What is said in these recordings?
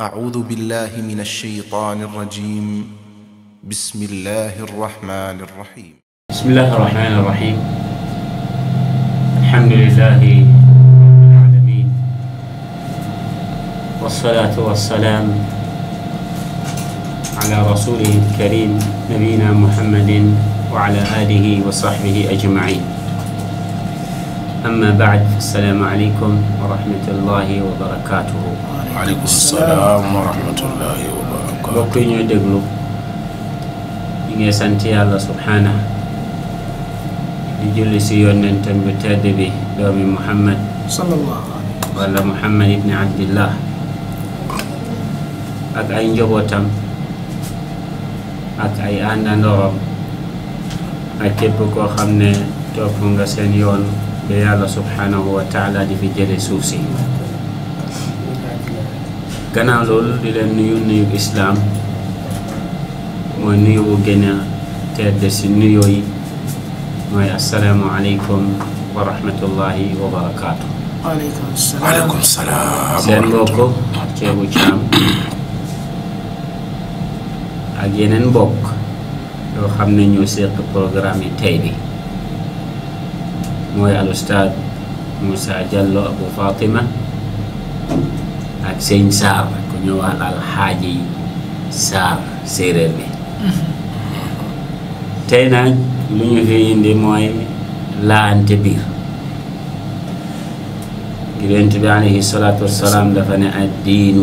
أعوذ بالله من الشيطان الرجيم بسم الله الرحمن الرحيم بسم الله الرحمن الرحيم الحمد لله رب العالمين والصلاة والسلام على رسوله الكريم نبينا محمد وعلى آله وصحبه أجمعين أما بعد السلام عليكم ورحمة الله وبركاته وعليكم السلام ورحمة الله وبركاته بقين يدقلو إن يسانتي الله سبحانه يجل سيون أنتم بتادبي دوم محمد صلى الله عليه ولا محمد ابن عبد الله أك أي جبوتم أك أي أندان دوم أكيبكو سنيون يالله سبحانه وتعالى دي في جل سوسي كان لول دي لن نيو اسلام موي نيو غينا تيد سي موي السلام عليكم ورحمه الله وبركاته وعليكم السلام وعليكم السلام سلام بوكو تيبو تشام اجينن بوك لو خامني نيو سيق بروغرامي تايبي موي الأستاذ موسى جلو أبو فاطمة أكسين سار كنيو على الحاجي سار سيرل بي تينا لنيو في يندي موي لا أنت بير يلين تبي عليه الصلاة والسلام دفن الدين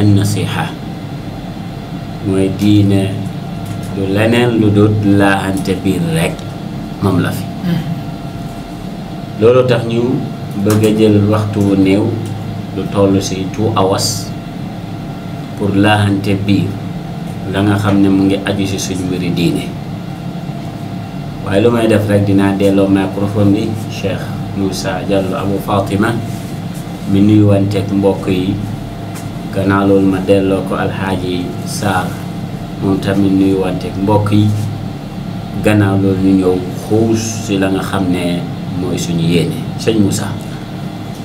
النصيحة موي دين lu leneen lu dut laa ante biir rek moom la lolo tax ñu bëgg jël waxtu neew lu toll si two hours pour hanté bi la nga xamné mu ngi aju ci suñu wëri diiné waaye lu may def rek dinaa delloo microphone bi cheikh moussa diallo Abu fatima mi nuyu ak mbokk yi gëna lool ma délo ko al haji saar moom tamit nuyu ak mbokk yi gëna lool ñu ñew xoos si la nga xamné موي سوني موسى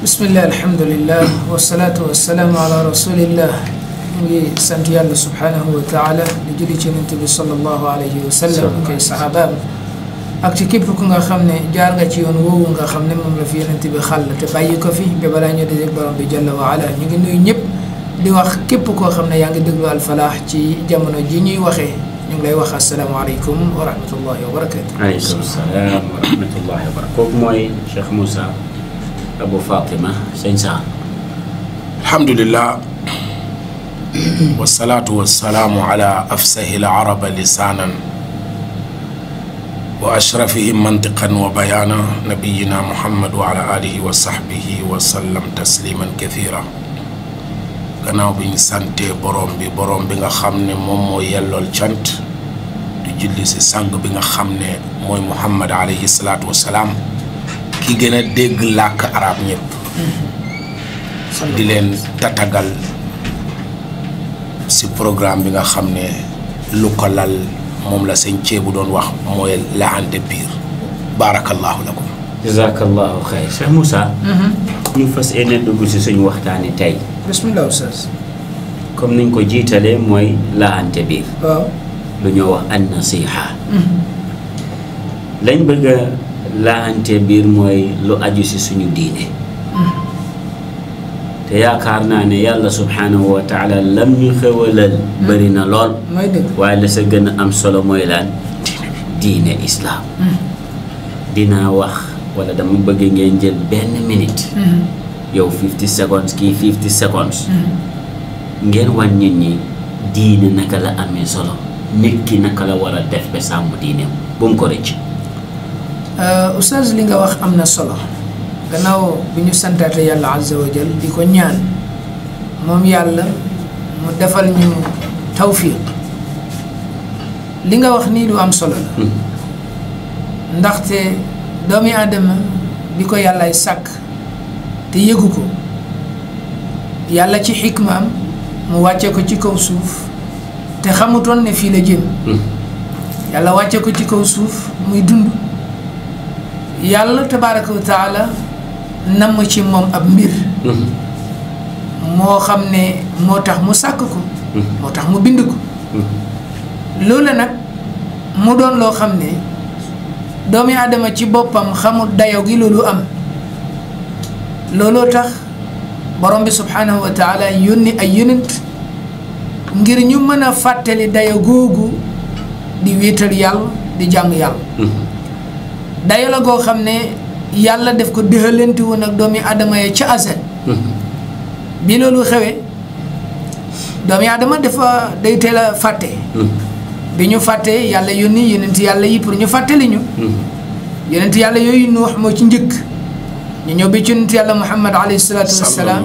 بسم الله الحمد لله والصلاة والسلام على رسول الله سنت يالا سبحانه وتعالى لجلي جنت صلى الله عليه وسلم كي صحابة أكتي كيف كنا خمنا جارنا تيون وو كنا خمنا مم لفي أنت بخال تبايي كفي ببلاني دزك برام بجلا وعلى نيجي نيجي نيب لوا كيف كنا خمنا يانجي دغلو الفلاح تي جمنا جيني وخه ñu ngi lay wax asalaamaaleykum wa rahmatullahi wa barakatu aleykum salaam wa rahmatullahi wa barakatu kooku mooy cheikh moussa abou fatima sëñ sa alhamdulillah والصلاة والسلام على أفسه العرب لسانا وأشرفهم منطقا وبيانا نبينا محمد وعلى آله وصحبه وسلم تسليما كثيرا gannaaw bi ñu santee borom bi borom bi nga xam ne moom moo yellool cant di julli si sang bi nga xam ne mooy muhammad alayhi salaatu salaam ki gën a dégg làkk araab ñëpp di leen tatagal si programme bi nga xam ne lu ko lal moom la seen ceebu doon wax mooy laante biir barakallahu ko jazakallahu xayr Cheikh Moussa. Mhm. ñu fas yéene dugg si suñu waxtaani tey. bismillah oustaz. comme niñ ko jiitalee mooy laante biir. waaw lu ñoo wax an nasiha. Mhm. lañ bëgg a biir mooy lu aju si suñu diine. Mhm. te yaakaar naa ne yàlla subhanahu wa taala lam ñu xewalal bëri na lool waaye la sa gën a am solo mooy laan diine islaam dina wax wala dama bëggee ngeen jël benn minute. Mm-hmm. yow 50 seconds kii 50 seconds. Mm-hmm. ngeen wan ñi diine naka la amee solo nit ki naka la war a def ba sàmm diineem bu mu ko rëcc. Euh, Oustaz li nga wax am na solo gannaaw bi ñu santaate yàlla azza wa di ko ñaan moom yàlla mu defal ñu tawfiq li nga wax nii lu am solo hmm. ndaxte. doomi aadama bi ko yàllaay sàkk te yëgu ko yàlla ci xikmaam mu wàcce ko ci kaw suuf te xamutoon ne fii la jëm hmm. yàlla wàcce ko ci kaw suuf muy dund yàlla tabaaraka wa taala namm ci moom ab mbir hmm. moo xam ne moo tax mu sàkk ko hmm. moo tax mu bind ko loolu nag mu doon loo xam ne doomi aadama ci boppam xamul dayo gi loolu am looloo tax borom bi subhaanahu wa ay yonent ngir ñu mën a fàttali dayo googu di wéetal yàlla di jàmm yàlla mm-hmm. dayo la goo xam ne yàlla def ko dëxalante woon ak doomi aadama ya ca asal mm-hmm. bi loolu xewee doomi aadama dafa day teel a fàtte mm-hmm. bi ñu fàttee yàlla yónni yonent yàlla yi pour ñu fàttali ñu mm-hmm. yonent yàlla yooyu nuux moo ci njëkk ñu ñëw bi ci yonent yàlla muhammad alayhi salaatu wasalaam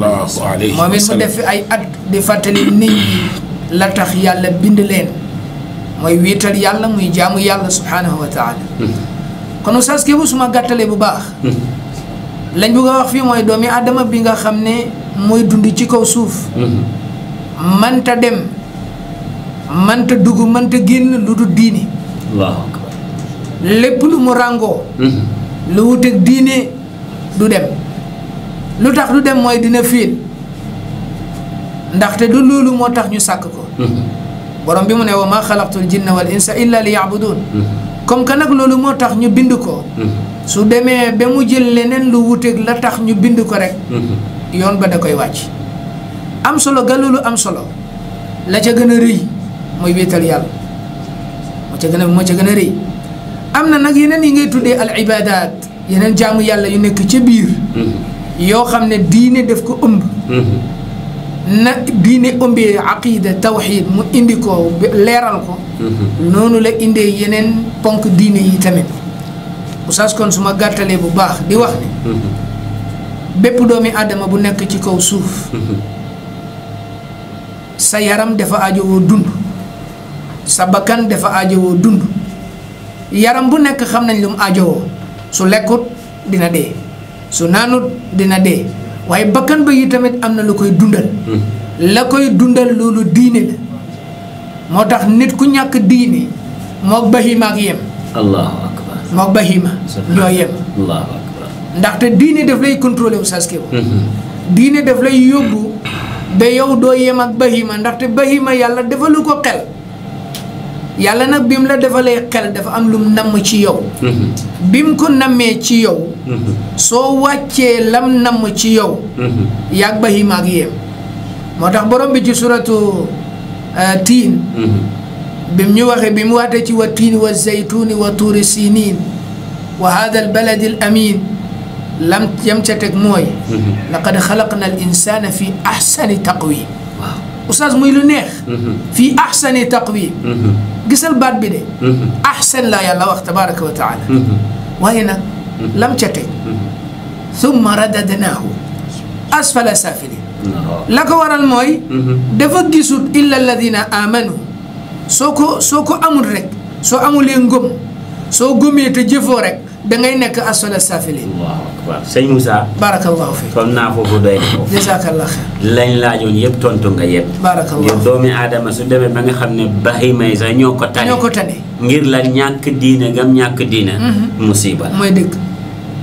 moom it mu def ay at di fàttali nit la tax yàlla bind leen mooy wiital yàlla muy jaamu yàlla subhaanahu wa taala mm-hmm. kon oustaz Kébou suma gàttalee bu baax mm-hmm. lañ bëgg wax fii mooy doomi aadama bi nga xam ne mooy dund ci kaw suuf manta dem mënta dugg mënta génn lu du diine waaw lépp lu mu ràngoo mhm. lu wuteeg diine du dem lu tax du dem mooy dina fiil ndaxte du loolu moo tax ñu sàkk ko mhm. borom bi mu ne woo ma xalaqtul jinna wal insa illa li yaabuduun mhm. comme que nag loolu moo tax ñu bind ko su demee ba mu jël leneen lu wuteeg la tax ñu bind ko rek yoon ba da koy wàcc am solo ga loolu am solo la ca gën a rëy mooy wéetal yàlla moo ca gën a moo ca rëy am na nag yeneen yi ngay tuddee al ibadat yeneen jàmm yàlla yu nekk ca biir mm-hmm. yoo xam ne diine def ko ëmb mm-hmm. na diine ëmbee aqida tawxid mu indi ko leeral ko mm-hmm. noonu la indee yeneen ponk diine yi tamit oustaz kon su ma gàttalee bu baax di wax ne bépp doomi aadama bu nekk ci kaw suuf sa yaram dafa ajowoo dund sa bakkan dafa aajowoo dund yaram bu nekk xam nañ lu mu aajowoo su lekkut dina dee su naanut dina dee waaye bakkan ba yi tamit am na lu koy dundal hmm. la koy dundal loolu diine la moo tax nit ku ñàkk diine moog bahima ak yem allahu akbar moog bahima ñoo yem allahu akbar diine daf lay contrôlé wu saske bu hmm, hmm. diine daf lay yóbbu ba yow doo yem ak bahima ndaxte bahima yàlla dafa lu ko xel yàlla nag bi mu la defalee xel dafa am lum namm ci yow bi mu ko nammee ci yow soo wàccee lam namm ci yow yàgg bahima ak yéem moo tax borom bi ci suratu tiin بم يوخي بمواتك والتين والزيتون وطور السينين وهذا البلد الأمين لم يمتتك موي لقد خلقنا الإنسان في أحسن تقويم استاذ لو نيه في احسن تقويم قسل بعد بدي احسن لا يا الله تبارك وتعالى وهنا لم تتي ثم رددناه اسفل سافلين لك ورا الموي دفا غيسوت الا الذين امنوا سوكو سوكو امول رك سو امر غوم سو قمي تجفو رك da ngay nekk asfala safili. waaw sëñ Moussa. barakallahu fi kon naa foofu doy yëpp tontu nga yëpp. barakallahu ngir doomi aadama su ba nga xam ne baxi may sax ñoo ko tane. ñoo ko ngir la ñàkk diine ñàkk diine. Mhm. musiba mooy dëgg.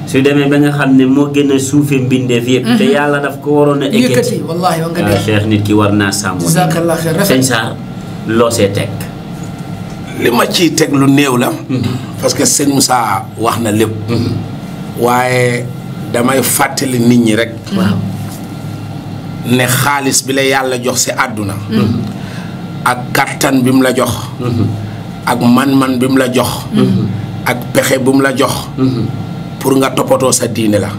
su demee ba nga xam ne moo gën a suufee mbindeef yëpp. Mhm. yàlla daf ko waroon a. yëkkati wallaahi ah, nit ki war naa sàmm. jazakallah xeer loo see teg. li ma ciy teg lu néew la. Mm-hmm. parce que sëñ Moussa wax na lépp. Mm-hmm. waaye damay fàttali nit ñi rek. ne xaalis bi la yàlla jox si àdduna. Mm-hmm. ak kàttan bi mu la jox. ak man-man bi mu la jox. ak pexe bi mu la jox. pour nga toppatoo sa diine la.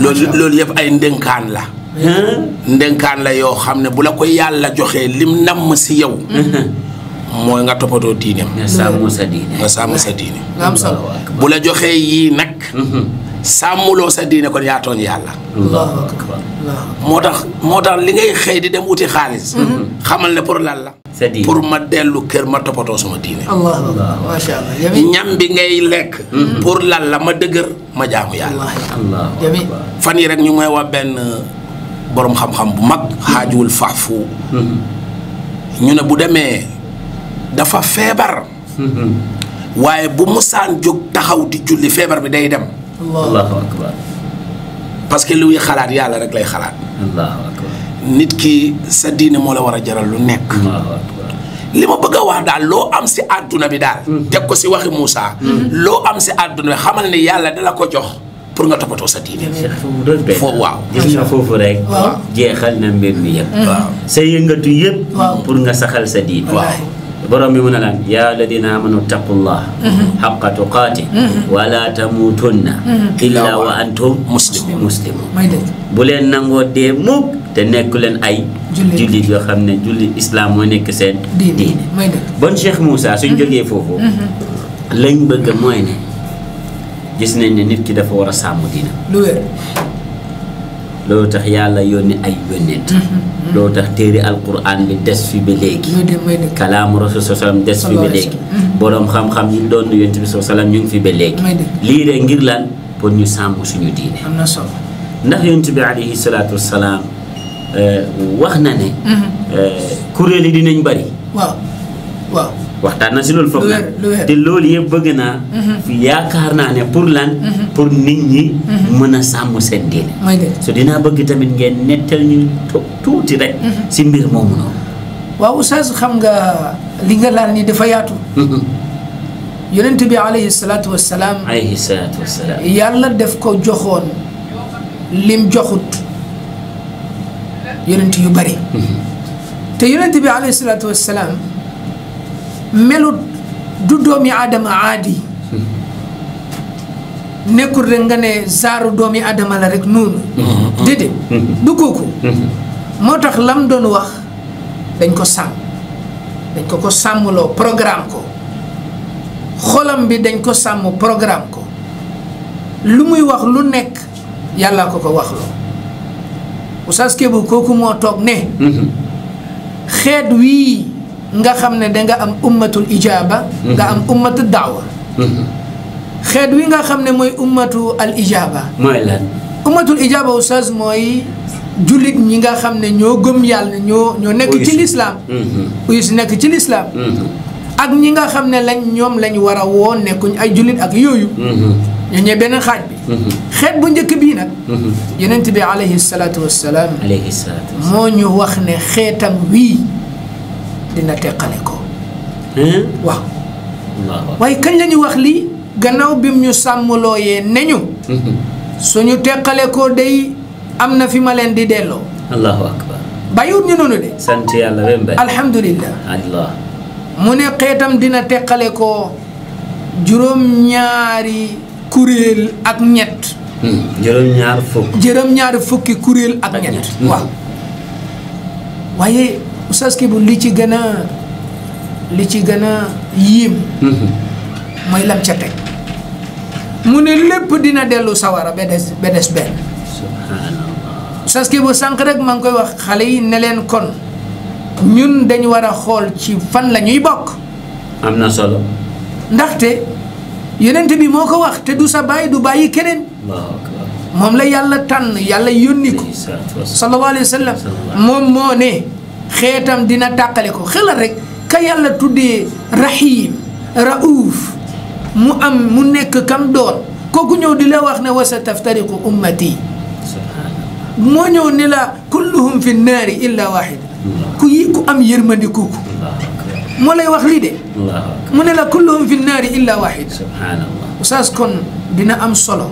loolu yëpp ay ndénkaan la. ndénkaan la yoo xam ne bu la ko yàlla joxee lim namm si yow. mooy nga toppatoo diineem. nga sàmm sa diine. nga sàmm bu la joxee yii nag. Mm-hmm. sàmmuloo sa diine kon yaa tooñ yàlla. moo tax moo tax li ngay xëy di dem wuti xaalis. Mm-hmm. xamal ne pour lan la. pour ma dellu kër ma toppatoo sama diine. macha ñam bi ngay lekk. Mm-hmm. pour lan la ma dëgër ma jaamu yàlla. fan yi rek ñu may wax benn uh, borom xam-xam bu mag. xaajuwul faafu. ñu ne bu demee. dafa feebar. waaye bu musaan jóg taxaw di julli feebar bi day dem. allahu akbar parce que luy xalaat yàlla rek lay xalaat. nit ki sa diine moo la war a jaral lu nekk. li ma bëgg a wax daal loo am si àdduna bi daal. Mm. teg ko si waxi Moussa. Mm. loo am si àdduna bi xamal ne yàlla dala ko jox pour nga toppatoo sa diine. foofu waaw. jeexal na mbir mi yëpp. waaw mm. sa yëngatu yëpp. pour nga saxal sa diine. waaw. borom bi mu ne laan yaa alladina amanu taqullah xaqa mhm. tuqaati mhm. wala tamuutunna mhm. illa wa antum muslimun muslimun bu leen nangoo dee mukk te nekku leen ay jullit yoo xam ne jullit islam moo nekk seen diine bon Cheikh Moussa suñ jógee foofu lañ bëgg mooy ne gis nañ ne nit ki dafa war a sàmm diina loolu tax yàlla yónni ay yónneet loolu tax téere alquran bi des fi ba léegi kalaamu rasul sa salam des fi ba léegi boroom xam-xam yi doon yonent bi sa salam ñu ngi fi ba léegi lii de ngir lan pour ñu sàmm suñu diine am na solo ndax yonent bi alayhi salaatu wasalaam wax na ne kuréel yi dinañ bari waaw waaw waxtaan na si loolu foog naa te loolu yëpp bëgg naa mhm. yaakaar naa ne pour lan mhm. pour nit ñi mhm. mën a sàmm seen diine so dinaa bëgg tamit ngeen nettal ñu tuuti rek si mbir moomu noonu waaw oustaz xam nga li nga laal nii dafa yaatu yonent bi alayhi salaatu wasalaam yàlla def ko joxoon lim joxut yonent yu bari te yonent bi alayhi salaatu wasalaam melut du doomi aadama aadi nekkul rek nga ne saaru doomi aadama la rek noonu mm-hmm. déedéet mm-hmm. du kooku mm-hmm. moo tax lam doon wax dañ ko sàmm dañ ko ko sàmmloo programme ko xolam bi dañ ko sàmm programme ko lu muy wax lu nekk yàlla ko ko wax loo Oustaz Kébou kooku moo toog ne xeet wii nga xam ne danga am ummatul ijaaba mhm. nga am ummatu daawa mhm. xeet wi nga xam ne mooy ummatu al ijaaba mooy lan ummatul ijaaba oustaz mooy jullit ñi nga xam ne ñoo gëm yàlla ñoo ñoo nekk ci lislaam mhm. uyus nekk ci lislaam ak ñi nga xam ne lañ ñoom lañ war a woo nekkuñ ay jullit ak yooyu ñoo ñee beneen xaaj bi xeet bu njëkk bii nag yenent bi alayhi salaatu wassalaam moo ñu wax ne xeetam wii dina teqale ko. waaw. waaye kañ la wax lii. gannaaw bi mu ñu sàmmlooyee ne ñu. Mhm. suñu teqale ko day am na fi ma leen di delloo. allahu akbar. bàyyiwut ñu noonu de. sant yàlla même bay. mu ne xeetam dina teqale ko juróom-ñaari kuréel ak ñett. Hmm, juróom-ñaar fukk. juróom-ñaari fukki kuréel ak ñett. waaw hmm. waaye. oustaz bu li ci gën a li ci gën a yiim mhm. mooy lam ca teg mu ne lépp dina dellu sawara ba des ba des benn oustaz bu sànq rek maa ngi koy wax xale yi ne leen kon ñun dañu war a xool ci fan la ñuy bokk am na solo ndaxte yonent bi moo ko wax te du sa bàyyi du bàyyi keneen moom la yàlla tànn yàlla yónni ko sallallahu alayhi moom moo nee خيتم دينا تاكليكو خيل رك كي الله تودي رحيم رؤوف مو ام مو نيك دون كوكو نيو دي لا واخنا وستفترق امتي مو نيو نيلا كلهم في النار الا واحد كو يكو ام يرمني كوكو مو لاي واخ دي مو نيلا كلهم في النار الا واحد سبحان الله وساس كون دينا ام صلو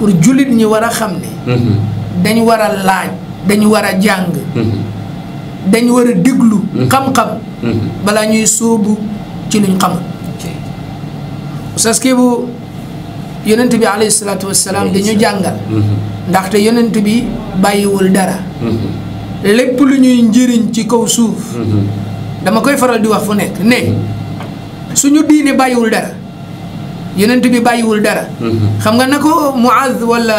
pour julit ñi wara xamné mm-hmm. dañ wara laaj dañ wara jang mm-hmm. dañ war a déglu. Mm-hmm. xam-xam. Mm-hmm. balaa ñuy sóobu ci luñ xamul. ok bu yonent bi alayhi salaatu wa dañu jàngal. Mm-hmm. ndaxte yonent bi bàyyiwul dara. lépp lu ñuy njëriñ ci kaw suuf. dama koy faral di wax fu nekk ne suñu diine bàyyiwul dara yonent bi bàyyiwul dara. xam nga na ko Muaz wala.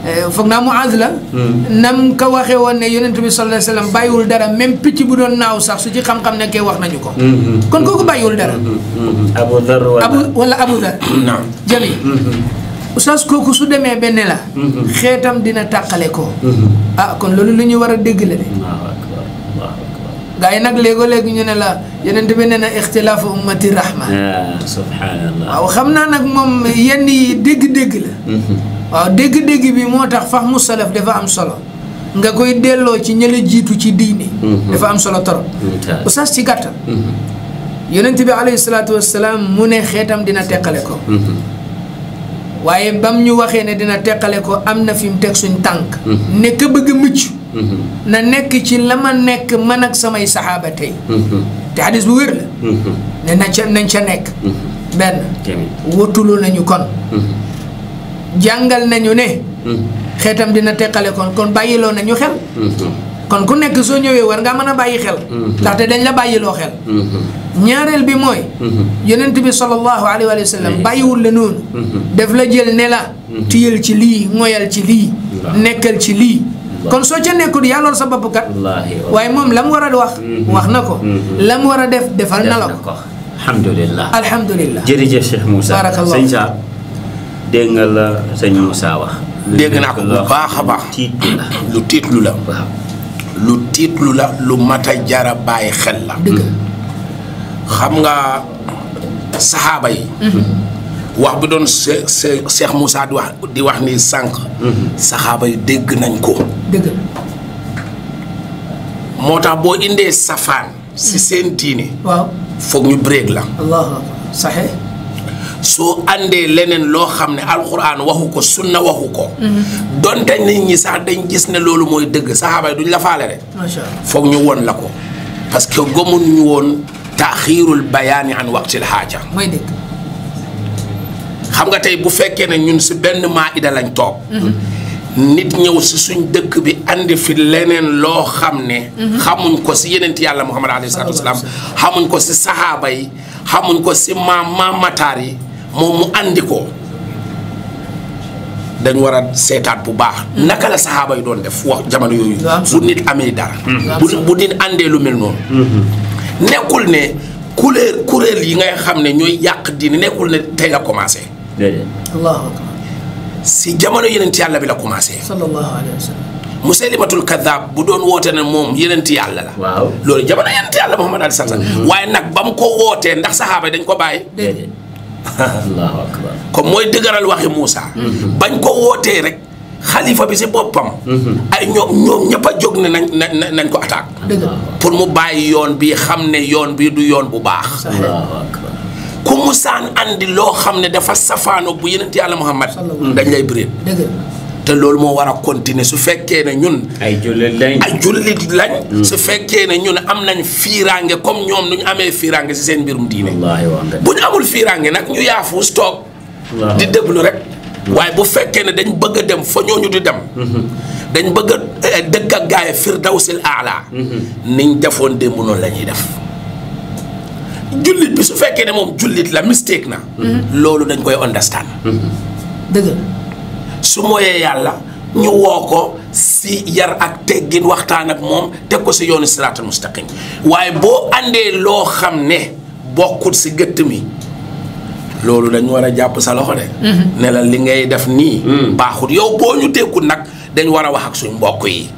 Eh, foog naa mu ànd la. Hmm. nam ka waxee woon ne yonent bi sallallahu alayhi bàyyiwul dara même picc bu doon naaw sax su ci xam-xam nekkee wax nañu ko. Hmm, hmm. kon kooku bàyyiwul dara. Abu Dar wala Abu wala Abu Dar. naam jëli. kooku su demee benn la. xeetam dina tàqale ko. ah kon loolu lu ñuy war a dégg la de. gaa yi nag léegoo léegi ñu ne la yenent bi nee na ixtilaafu ummati rahma. subhanallah waaw xam naa nag moom yenn dégg-dégg la. Mhm. waaw dégg-dégg bi moo tax fax mu salaf dafa am solo nga koy delloo ci ñële jiitu ci diine. Mhm. dafa am solo torop. oustaz ci gàttal. Mhm. yenent bi alayhi salaatu wa salaam mu ne xeetam dina teqale ko. waaye bam ñu waxee ne dina teqale ko am na fi mu teg suñ tànk. ne ka bëgg a mucc. Mm-hmm. na nekk ci la ma nekk mën ak samay saxaaba tey mm-hmm. te hadis bu wér la mm-hmm. ne na ca nañ ca nekk benn wutulu nañu kon jàngal nañu ne xeetam dina teqale kon kon bàyyiloo nañu xel kon ku nekk soo ñëwee war ngaa mën a bàyyi xel ndaxte dañ la bàyyiloo xel ñaareel bi mooy yonent bi sallallahu alayhi wa sallam bàyyiwul la noonu def la jël ne la tiyal ci lii moyal ci lii nekkal ci lii kon soo ca nekkul yaa lool sa bopp waaye moom la mu war a wax. Mm-hmm. wax na ko. Mm-hmm. la mu war a def defal na la ko. alhamdulilah alhamdulilah. jërëjëf Cheikh Moussa. barakallah sëñ Sarr dégg nga la sëñ Moussa wax. dégg naa ko bu baax a baax. lu tiitlu la. lu tiitlu la lu mat a jara bàyyi xel la. xam nga saxaaba yi. Mm-hmm. wax bi doon Cheikh Cheikh Moussa di wax di wax ni sànq. saxaaba yi dégg nañ ko. dëgg moo tax boo indee safaan. si seen diine. waaw foog ñu break la. allah saxe. soo andee leneen loo xam ne alxuraan waxu ko sunna waxu ko. donte nit ñi sax dañ gis ne loolu mooy dëgg saxaaba yi duñ la faale rek. macha allah foog ñu won la ko. parce que gomuñu woon taaxiirul bayaani an waqtil xaaja. mooy dëgg. xam nga tey bu fekkee ne ñun si benn maa ida lañ toog. nit ñëw si suñ dëkk bi andi fi leneen loo xam ne. xamuñ ko si yeneen yàlla muhammad alayhi salaatu wasalaam xamuñ ko si saxaaba yi xamuñ ko si maam maam mataar yi moom mu andi ko dañ war a seetaat bu baax. naka la saxaaba yi doon def wax jamono yooyu. bu nit amee dara. bu nit andee lu mel noonu. nekkul ne kuréel kuréel yi ngay xam ne ñooy yàq diine nekkul ne tey nga commencé. déedéet. allahu akbar. si jamono yeneen yàlla bi la commencé. sallallahu alayhi wa sallam. Musaylimatul Kaddaab bu doon woote ne moom yeneen yàlla la. waaw loolu jamono yeneen yàlla Muhammad alayhi salaam. Mhm. waaye nag ba mu ko wootee ndax saxaaba yi dañ ko bàyyi. déedéet. comme mooy dëgëral waxi Moussa. Mhm. bañ ko wootee rek. xalifa bi si boppam. Mhm. ay ñoom ñoom ñëpp a jóg na nañ nañ ko attaque. pour mu bàyyi yoon bii xam ne yoon bii du yoon bu baax. ku saan andi loo xam ne dafa safaano bu yeneen yàlla Muhammad dañ lay bëri. te loolu moo war a continuer su fekkee ne ñun. ay jullit lañ ay jullit lañ. Mm. su fekkee ne ñun am nañ fiiraange comme ñoom nu ñu amee fiiraange si seen mbirum diine. bu ñu amul fiiraange nag ñu yaafuus toog. di déglu rek. Mm. waaye bu fekkee ne dañ bëgg dem fo fa ñu di dem. Mm-hmm. dañ bëgg a eh, dëkk ak gaay firdawsil aala mm-hmm. niñ defoon démb noonu la ñuy def. jullit bi su fekkee ne moom jullit la mistake na. Mhm. loolu dañ koy understand. Mhm. dëgg su mooyee yàlla ñu woo ko si yar ak teggin waxtaan ak moom teg ko si yoonu siraatal mustaqim waaye boo àndee loo xam ne bokkul si gëtt mi loolu dañ war a jàpp sa loxo de. Mhm. ne li ngay def nii. baaxul yow boo ñu tekkul nag dañ war a wax ak suñ mbokk yi.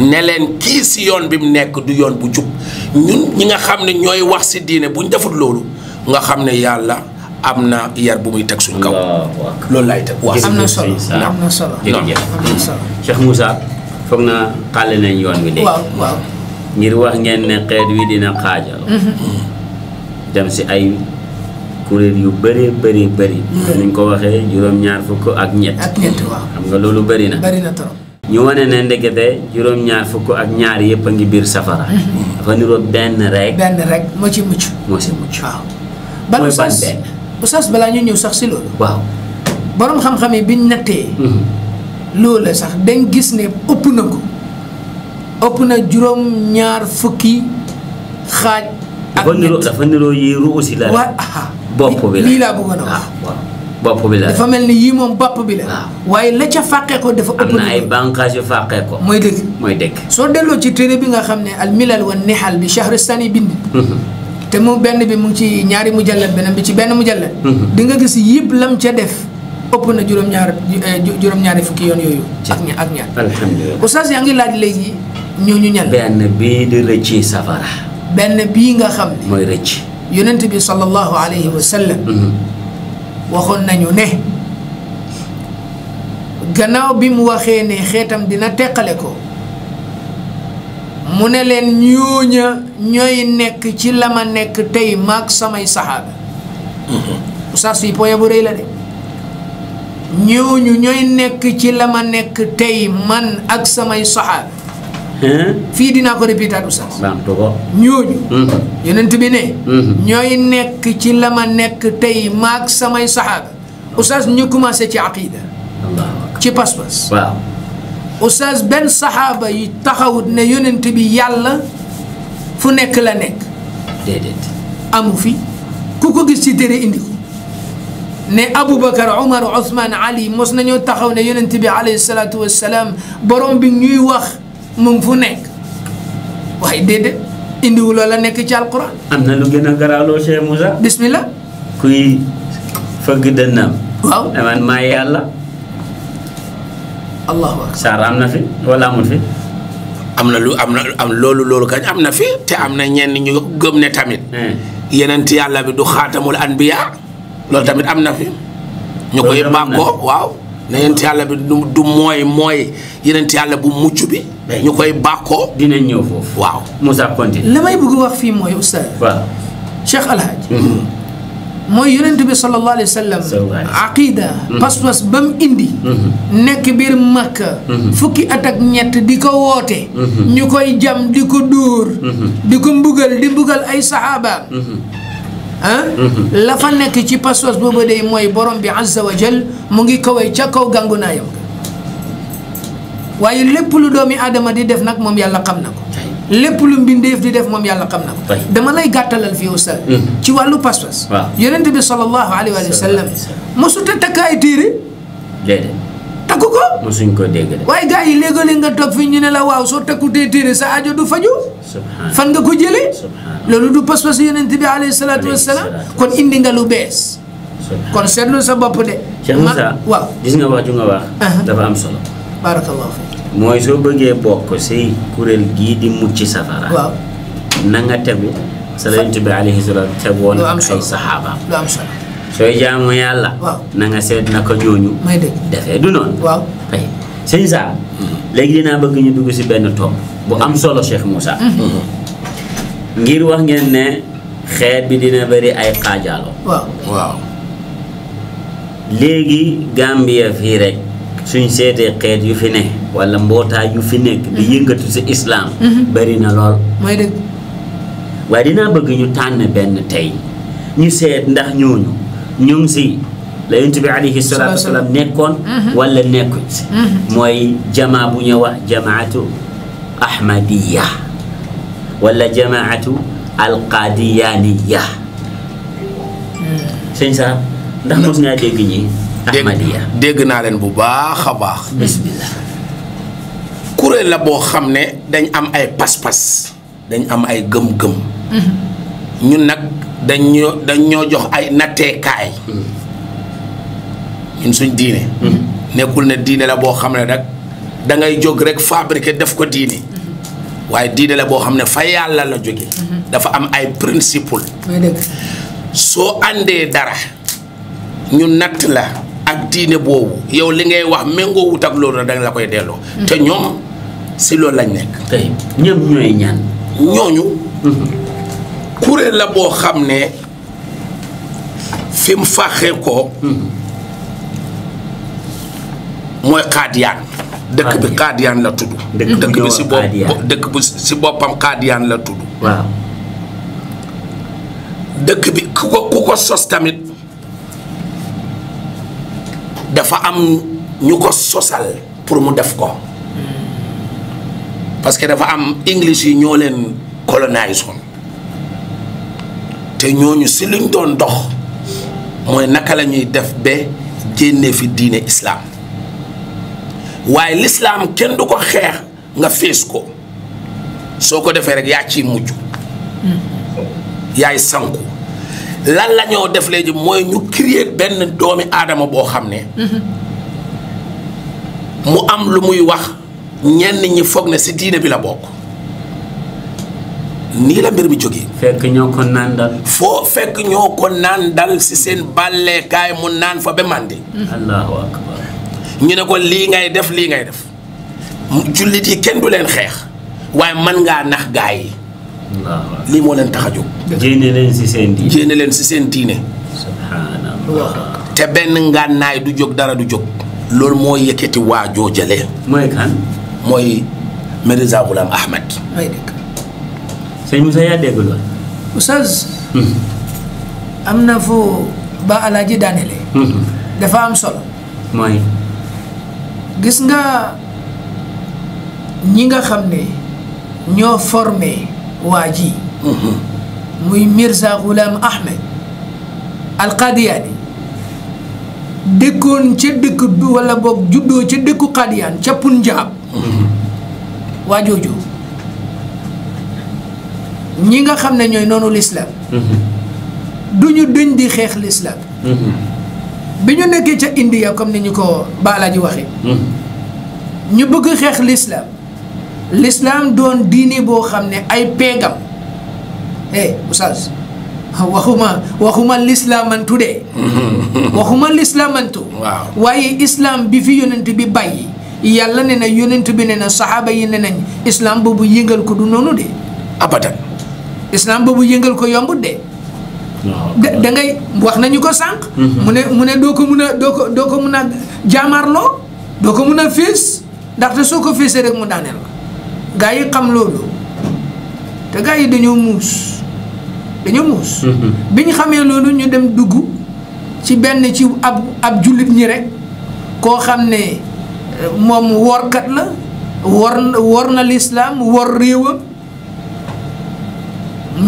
ne leen kii si yoon bi mu nekk du yoon bu jub ñun ñi nga xam ne ñooy wax si diine bu ñu defut loolu nga xam ne yàlla am na yar bu muy teg suñ kaw. loolu laay teg waaw. am na solo am na solo jërëjëf Cheikh Moussa foog na yoon ngir wax ngeen ne wi dina xaajal. Mhm. si ay kuréel yu bëree bëri bëri. Mhm. niñ ko waxee juróom-ñaar fukk ak ñett. ak ñett waaw xam nga loolu bëri na. ñu wane na ndekete juróom-ñaar fukk ak ñaar yëpp a ngi biir safara. dafa niroo benn rek. benn rek moo ci mucc. moo ci mucc waaw. ban oustaz oustaz balaa ñu ñëw sax si loolu. waaw borom xam-xam yi bi nattee. Mm-hmm. la sax dañ gis ne ëpp na ko ëpp na juróom-ñaar fukki xaaj. ak dafa niroo yi ruusi la. bopp bi la lii laa bëggoon a wax. Ah, bopp bi dafa mel ni yii moom bopp bi la. waaye la ca fàqee ko dafa. ëpp am na ay bànqaas yu ko. mooy dëgg mooy dëgg. soo delloo ci téere bi nga xam ne al milal wa nihal bi Chahristani bind. te mu benn bi mu ci ñaari mujallad beneen bi ci benn mujallad. di nga gis yëpp lam ca def. ëpp na juróom juróom-ñaari fukki yoon yooyu. ak ña ak ñaar. alhamdulilah oustaz yaa ngi laaj léegi ñooñu ñan. benn bii di rëcc safara. benn bii nga xam ne. mooy rëcc. yonent bi sallallahu alayhi wa sallam. Mhm. waxoon nañu ne gannaaw bi mu waxee ne xeetam dina teqale ko mu ne leen ñooña ñooy nekk ci la ma nekk tey maag samay saxaaba mm-hmm. oustaz yi la de ñooy nekk ci la ma nekk tey man ak samay saxaaba fi dina ko bam répétaat oustaz ñooñu yonent bi ne ñoy nekk ci lama ma nekk tey maag samay sahaba oustaz ñu commencé ci aqida allah ci pass pass pas oustaz ben sahaba yi taxaw ne yonent bi yàlla fu nekk la nekk dedet amu fi ku ko gis ci téré indi ne ne abubakar umar ousmane ali mos nañu taxaw ne yonent bi alayhi salatu wassalam borom bi ñuy wax mu ngi fu nekk waaye déedéet indiwu loola nekk ci alquran. am na lu gën a garaaloo Cheikh Moussa. bismillah. kuy fëgg dënnaam. waaw maa yàlla. allahu akbar saar am na fi wala amul fi. am na lu am na am loolu loolu kañ am na fi te am na ñenn ñu gëm ne tamit. Eh. yenent yàlla bi du xaatamul anbiya loolu tamit am na fi. ñu koy bàkkoo waaw. na yent yàlla bi du mooy mooy yenent yàlla bu mucc bi. ñu koy bàkkoo. dinañ ñëw foofu. waaw Moussa continue. la may bëgg wax fii mooy oustaz. waaw Cheikh El Hadj. Mhm. mooy yonent bi sallallahu alayhi wa sallam. aqida mhm. pas indi. Mhm. nekk biir makka. fukki at ak ñett di ko woote. ñu koy jam di ko dóor. di ko mbugal di mbugal ay saxaabaam. ah la fa nekk ci pas-pas booba day mooy borom bi azza wa jal mu ngi kawee ca kaw gàngu naayam waaye lépp lu doomi aadama di def nag moom yàlla xam na ko lépp lu mbindeef di def moom yàlla xam na ko dama lay gàttalal fi ustaz mhm. ci wàllu pas-pas yonent bi sallallahu alayhi wa sallam mosut a takk ay téere ko musuñ ko dégg de way gaay yi léegi nga top ya? fi ñu ne la waaw soo takkutee téere sa aajo du faju fan nga ko jëlee lolu du pass pass yenenbi bi alayhi salatu wassalam kon indi nga lu bees kon seetlu sa bop de cheikh moussa waaw gis nga wax ju nga wax dafa am solo barakallahu fi mooy soo bëggee bokk sey kurel gi di mucc safara waaw na nga tegu sa la bi alayhi salatu tegu woon ay lu am solo sooy jaamu yàlla. na seet na ko may dégg defee du noonu. waaw ay mm-hmm. léegi dinaa bëgg ñu dugg ci benn tomb bu am mm-hmm. solo Cheikh Moussa. Mm-hmm. ngir wax ngeen ne xeet bi dina bëri ay xaajaloo. waaw waaw. léegi Gambia fii rek suñ seetee xeet yu fi ne wala mbootaay yu fi nekk. di yëngatu si islam. bëri na lool. may dégg waaye dinaa bëgg ñu tànn benn tey ñu seet ndax ñooñu. ñu ngi si la yonent bi alayhi salaatu wasalaam nekkoon mhm. wala nekkut mhm. mooy jamaa bu ñu wax jamaatu ahmadiya wala jamaatu alqadiyaniya mhm. sëñ sa ndax mos ngaa dégg ñi ahmadiya dégg naa leen bu baax a baax bismillah kuréel la boo xam ne dañ am ay pas-pas dañ am ay gëm-gëm ñun nag dañ ñoo dañ ñoo jox ay natteekaay. Hmm. ñun suñ diine. Hmm. nekkul ne diine la boo xam ne rek dangay jóg rek fabriquer def ko diine hmm. waaye diine la boo xam ne fa yàlla la jóge dafa am ay principal soo àndee dara ñu natt la ak diine boobu yow li ngay wax méngoo wut ak loolu da nga la koy delloo. te ñoom si loolu lañ nekk. tey ñooy ñaan. ñooñu. kuréel la boo xam ne fi mu fàqee ko mooy xaadiyaan dëkk bi xaadiyaan la tudd dëkk bi boppam xaadiyaan la tudd dëkk bi ku ko ku ko sos tamit dafa am ñu ko sosal pour mu def ko parce que dafa am english yi ñoo leen colonise woon te ñooñu si luñ doon dox mooy naka la ñuy def ba génne fi diine islaam waaye lislaam kenn du ko xeex nga fees ko soo ko defee rek yaa ci mujj yaay sanku lan la def léegi mooy ñu créer benn doomi aadama boo xam ne mu am lu muy wax ñenn ñi foog ne si diine bi la bokk nii la mbir mi jógee. fekk ñoo foo fekk ñoo ko naan dal si seen bàlleekaay mu naan fa be màndi. ñu ne ko lii ngay def lii ngay def. jullit yi kenn du leen xeex. waaye man ngaa nax gaa yi. lii moo leen tax a jóg. jéene leen si seen diine leen si seen diine. te benn ngànnaay du jóg dara du jóg. loolu moo yëkkati waa joo jëlee. mooy kan. mooy Mirza Ghulam Ahmed. sëñ Moussa yaa dégg lool. oustaz. Hmm. am na foo ba alaaji daanele. Hmm. dafa am solo. mooy. gis nga ñi nga xam ne ñoo forme waa ji. Hmm. muy Mirza Ghulam Ahmed alqaadiyaani dëkkoon ca dëkk wala boog juddoo ca dëkku qaadiyaan ca Punjaab. waa ñi nga xam ne ñooy noonu lislaam mm-hmm. du ñu dëñ di xeex lislaam mm-hmm. bi ñu nekkee ca India comme ni ñu ko baalaa ji waxee mm-hmm. ñu bëgg xeex lislaam lislaam doon diine boo xam ne ay peegam eh oustaz waxuma waxuma lislaamantu de waxuma lislaamantu waaye islaam bi fi yonent bi bàyyi yàlla ne na yonent bi ne na saxaaba yi ne nañ islaam boobu yëngal ko noonu de islam bujengel yengal ko yombut de da ngay wax nañu ko sank mm-hmm. mu ne mu ne doo ko muna a doo ko doo ko mun a jaamarloo ko mun a fiis dugu, soo ne rek mu danel gaay yi xam lolu te gaay yi dañu mus dañu mus mm-hmm. biñ xamé lolu ñu dem duggu ci ben ci ab ab julit ñi rek ko xamné ne wor kat la wor wor na l'islam wor rewam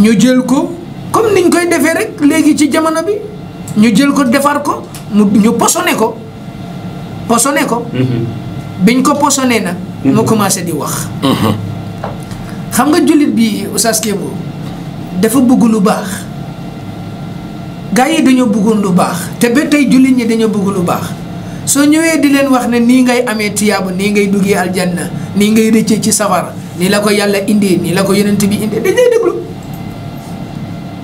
ñu jël ko comme niñ koy nyujelko rek légui ci jamono bi ñu jël ko défar ko ñu posone ko posoné ko mm-hmm. biñ ko posoné na mu mm-hmm. commencé di wax mm-hmm. xam nga julit bi oustaz kebo dafa bëgg lu baax gaay yi dañoo bëggoon lu baax té bé tay julit ñi dañu bëgg lu baax so ñëwé di leen wax né ni ngay amé tiyabu ni ngay duggé aljanna ni ngay ci safara ni la ko yalla indi ni la ko yonent bi indi dañ lay déglu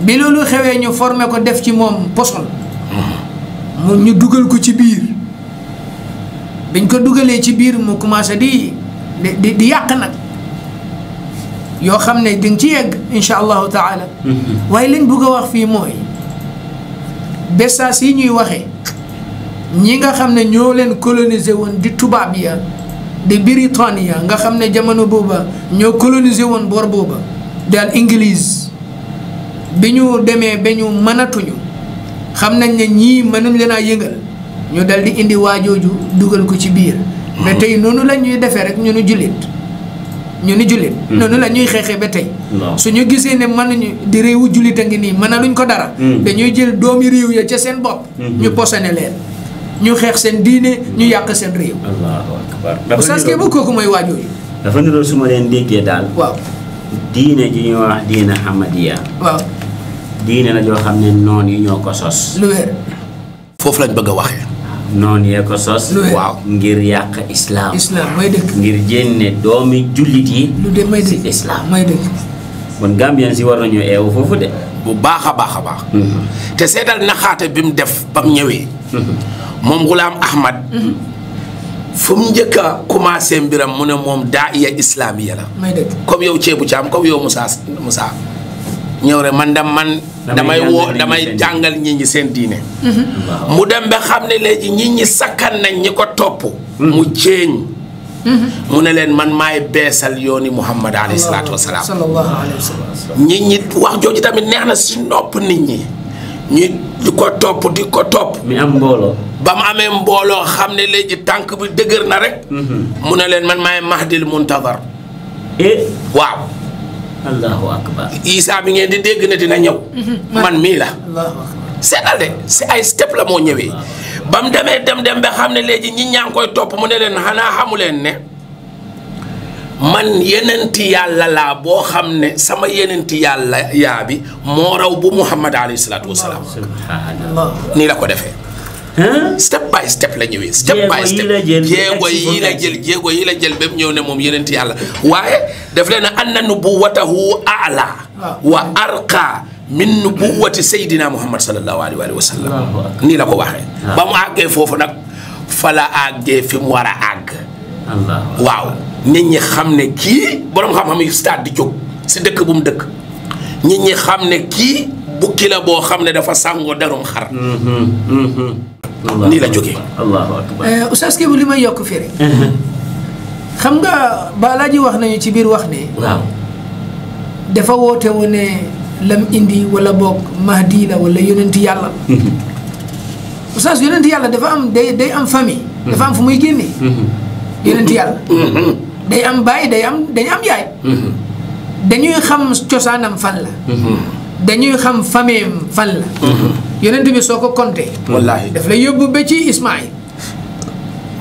bi loolu xewé ñu formé ko def ci mom poson mu ñu dugal ko ci biir biñ ko duggalé ci biir mu commencé di di di yak nak yo xamné ne ci yegg inshallah taala mm-hmm. way liñ bugg a wax fi moy bessa si ñuy waxé ñi nga xamné ño leen coloniser won di tubaab ya di britania nga xamné jamono boba, ño coloniser won bor boba dal english bi ñu demee ba ñu mënatuñu xam nañ ne ñii mënuñ leen a yëngal ñu dal di indi waajooju dugal ko ci biir. mais tey noonu la ñuy defee rek ñu nu jullit ñu ni jullit. Hmm. noonu la ñuy xeexee ba tey. su ñu gisee ne mën nañu di réewu jullit a ngi nii luñ ko dara. Hmm. dañuy jël doomi réew ya ca seen bopp. Hmm. ñu posone leen. ñu xeex seen diine ñu yàq seen réew. allahu akbar dafa niroo kooku mooy waajooju. dafa niroo su ma leen déggee daal. waaw diine ji ñuy wax diine Ahmadiyya. waaw. diine la joo xam ne noon yi ñoo ko sos. lu wér. foofu lañ bëgg a waxee. noon yee ko sos. waaw ngir yàq islaam islam may dëkk. ngir jénne doomi jullit yi. lu de may war nañu eewu foofu bu baax a baax a baax. Mm-hmm. te seetal naxaate bi mu def ba mu ñëwee. Mm-hmm. moom Gulaam Ahmad. Mm-hmm. fu mu njëkk a commencé mbiram mu ne moom daa iya islaamiya la. may dëkk comme yow ceebu caam comme yow Moussa Moussa. ñëw man dam man damay woo damay jàngal ñi ñi seen diine mm-hmm. mu dem ba xam ne léegi ñi ñi sakkan nañ ñi ko topp mm-hmm. mu cieñ mm-hmm. mu ne leen man maay beesal yoni muhammad alayhi salaatu wasalaam ñi ñi wax joji tamit neex na si nopp nit ñi ñi di ko topp di ko top mi am mbolo ba mu amee mbooloo xam ne léegi tànk bi dëgër na rek mu ne leen man maay mahdil muntazar eh? waaw allahu akbar isa mi ngeen di dégg ne dina ñëw mhm. man mii la seetal de si ay step la moo ñëwee ba mu demee dem dem ba xam ne léegi ñi ñaa ngi koy topp mu ne leen xanaa xamu leen ne man yenenti yàlla laa boo xam ne sama yenenti yàlla yaa bi moo raw bu muhammad alayhi salaatu wasalaam nii la ko defee step by step la ñëwee step by step jéego yi la jël jéego yi la jël ba mu ñëw ne moom yenenti yàlla waaye daf leen anna nubuwatahu a'la wa arqa min nubuwati sayyidina muhammad sallallahu alaihi wa sallam nii la ko waxee ba mu àggee foofu nag fa la àggee fi mu war a àgg waaw nit ñi xam ne kii boroom xam-xam di jóg si dëkk bu mu dëkk nit ñi xam ne kii bukki la ne dafa sàngoo darum xar mm-hmm. Mm-hmm. nii la jógee allahu akbar eh, li may yokk fii xam nga balaa wax nañu ci biir wax ne. waaw dafa woote wu ne lam indi wala boog mahdi la wala yonenti yàlla. oustaz yonenti yàlla dafa am day day am famille. Mm-hmm. dafa am fu muy génnee. Mm-hmm. yonenti yàlla. Mm-hmm. am baay day am dañu am yaay. dañuy xam cosaanam fan la. dañuy xam fameem fan la. yonent bi soo ko compté. wallaahi daf lay yóbbu ba ci Ismaïl.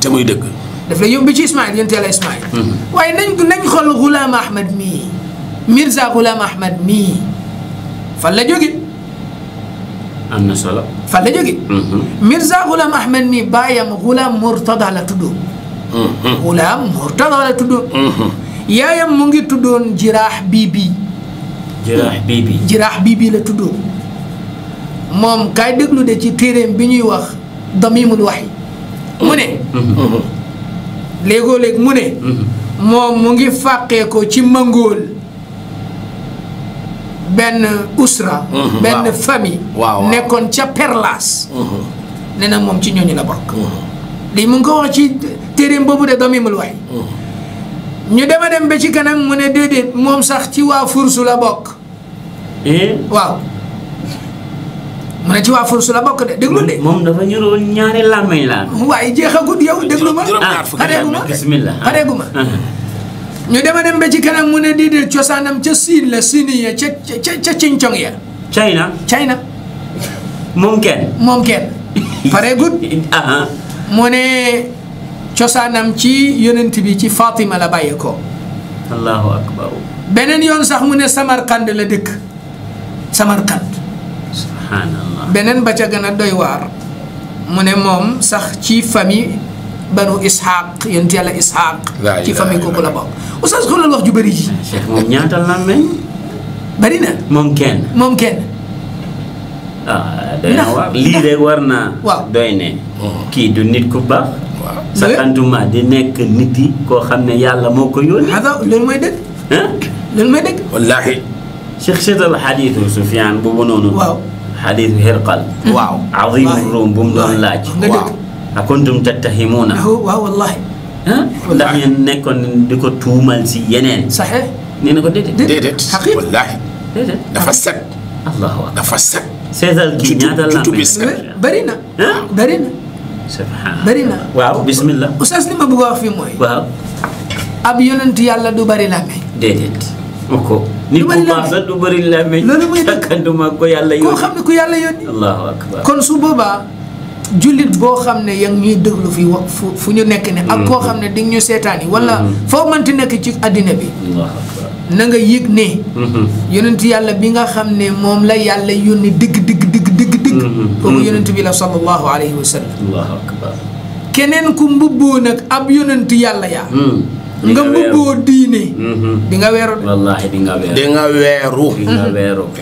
te muy dëkk daf lay yóbbu ci Ismaïl yéen teel a Ismaïl. Mm-hmm. waaye nañ nañ xool Ghulam Ahmad mii Mirza Ghulam Ahmad mii fan la jógee. am na solo. fan la jógee. Mm-hmm. Mirza Ghulam Ahmad mii baayam Ghulam Murtada la mm-hmm. Murtada la tudd. yaayam mu ngi tuddoon Jiraax Bibi. Jiraax Bibi. la tudd. moom kaay déglu de ci téeréem bi ñuy wax damimul waxi mu ne. léegoo léeg mu ne. Mhm. moom mu ngi fàqee ko ci mangool benn usra. Mhm, benn famille. nekkoon ca perlas mhm. nee na moom ci ñooñu la bokk. lii mu ngi ko wax ci téeréem boobu de damimul waay. ñu dema dem ba ci kanam mu ne déedéet moom sax ci waa fursu la bokk. Eh? waaw. mu ne ci waa force la bokk de déglu de. moom dafa ñoroon ñaari làmmiñ la. waaye jeexagut yow déglu ma. ah xareegu ah, ah, ma bismillah xareegu ma. ñu dema ba ci kanam mu ne di cosaanam ca siin la sini ya ca ya. China. China. moom kenn. moom kenn pareegut. Ah, ci yonent bi ci Fatima la bàyyeekoo. allahu beneen yoon sax mu ne Samarkand la dëkk Samarkand. beneen ba ca gën a doy waar mu ne moom sax ci famille banu Isxaaq yéen yàlla Isxaaq. ci famille kooku la bokk. oustaz xoolal wax ju bëri ji. Ah, Cheikh moom ñaata làmmeñ. bëri na. moom kenn. moom kenn. ah lii rek war naa. waaw oh. kii du nit ku baax. waaw di nekk nit yi koo xam ne yàlla moo ko yónni. loolu mooy dëgg. ah loolu mooy dëgg. wallaahi. Cheikh Seydou Hadj Soufiane boobu noonu. waaw. حديث هرقل واو عظيم الروم بمدون لاج واو أكنتم تتهمون هو والله ها لا نكون ديكو تومال سي ينين صحيح نينا كو ديدت ديدت حقيقة والله ديدت نفسك الله أكبر نفسك سيدال كينياتا لا برينا ها برينا سبحان برينا واو بسم الله أستاذ لما بغوا في موي واو أبي أنت يالا دو برينا ديدت ma ko nit ku baax sax du bëri làmmiñ loolu mooy dëkkanduma ko yàlla koo xam ne ku yàlla yónni allahu kon su boobaa jullit boo xam ne yaa ngi ñuy déglu fi fu ñu nekk ne ak mm. koo xam ne di ñu seetaan yi wala mm. foo manti nekk ci àddina bi na nga yëg ne mm-hmm. yonent yàlla bi nga xam ne moom la yàlla yónni digg dëgg dëgg dëgg dëgg mm-hmm. kooku mm-hmm. yonent bi la sallallahu alayhi wa sallam keneen ku mbubboo nag ab yonant yàlla yaa mm. nga mbubboo diine. Mhm. di nga weeru de. wallaahi di nga weeru. di nga weeru. di nga mhm. weeru. di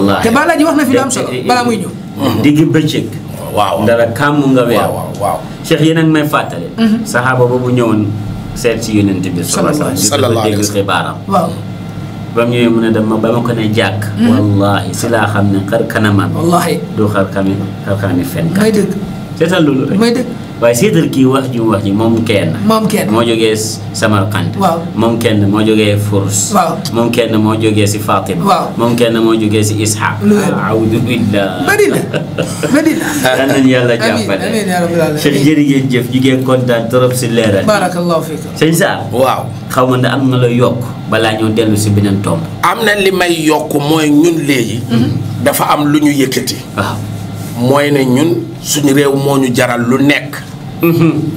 nga te balaa ji wax na fi lu am solo eh, eh, eh, balaa muy ñëw. Mhm. bëccëg. waaw dara kàmm nga weer. waaw waaw Cheikh yéen a ngi may fàttali. saxaaba boobu ñëwoon seet si yonent bi. sallallahu alayhi wa sallam xibaaram. ba mu ñëwee mu ne dama ba ma ko ne jàkk. wallaahi si laa xam ne xar kanamam. wallaahi du xar kami xar kami fenn. may dëgg seetal rek Wah sih kii wax ju wax ji moom kenn moom kenn samarkand furs mungkin moom kenn si fatima si ishaq audu billah bari na bari na yal nañ yàlla jàppale cheikh jërëjëf jëf ñu ngeen kontaan trop si kau barakallahu am nga la yokk balaa ñoo am li may yokk mooy ñun léegi mhm. am lu waaw suñu rew moñu jaral lu nekk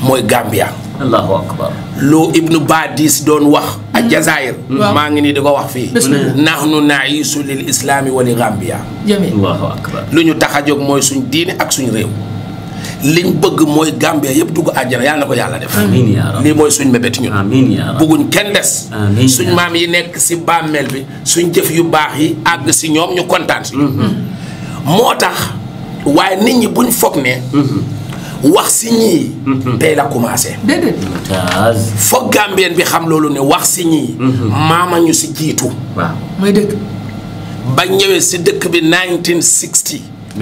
mooy Gambia. allahu akbar lu ibnu Badis doon wax. a mm. Jazaayir. maa ngi nii di ko wax fii. nahnu naisu lil islami wa li Gambia. allahu lu ñu tax a mooy suñ diine ak suñ réew. liñ bëgg mooy Gambia yëpp dugg àjjana yàlla na ko yàlla def. lii mooy suñ mébét ñun. bëgguñ kenn des. suñ maam yi nekk si bàmmeel bi suñ jëf yu baax yi àgg si ñoom ñu kontaan si. Mm-hmm. moo tax waaye nit ñi buñ foog ne. Mm-hmm. wax si ñii. Mhm. tey la commencé. déedéet. foog bi xam loolu ne wax si ñii. Mhm. maama ñu si jiitu. waaw dëkk. ba ñëwee si dëkk bi 1960.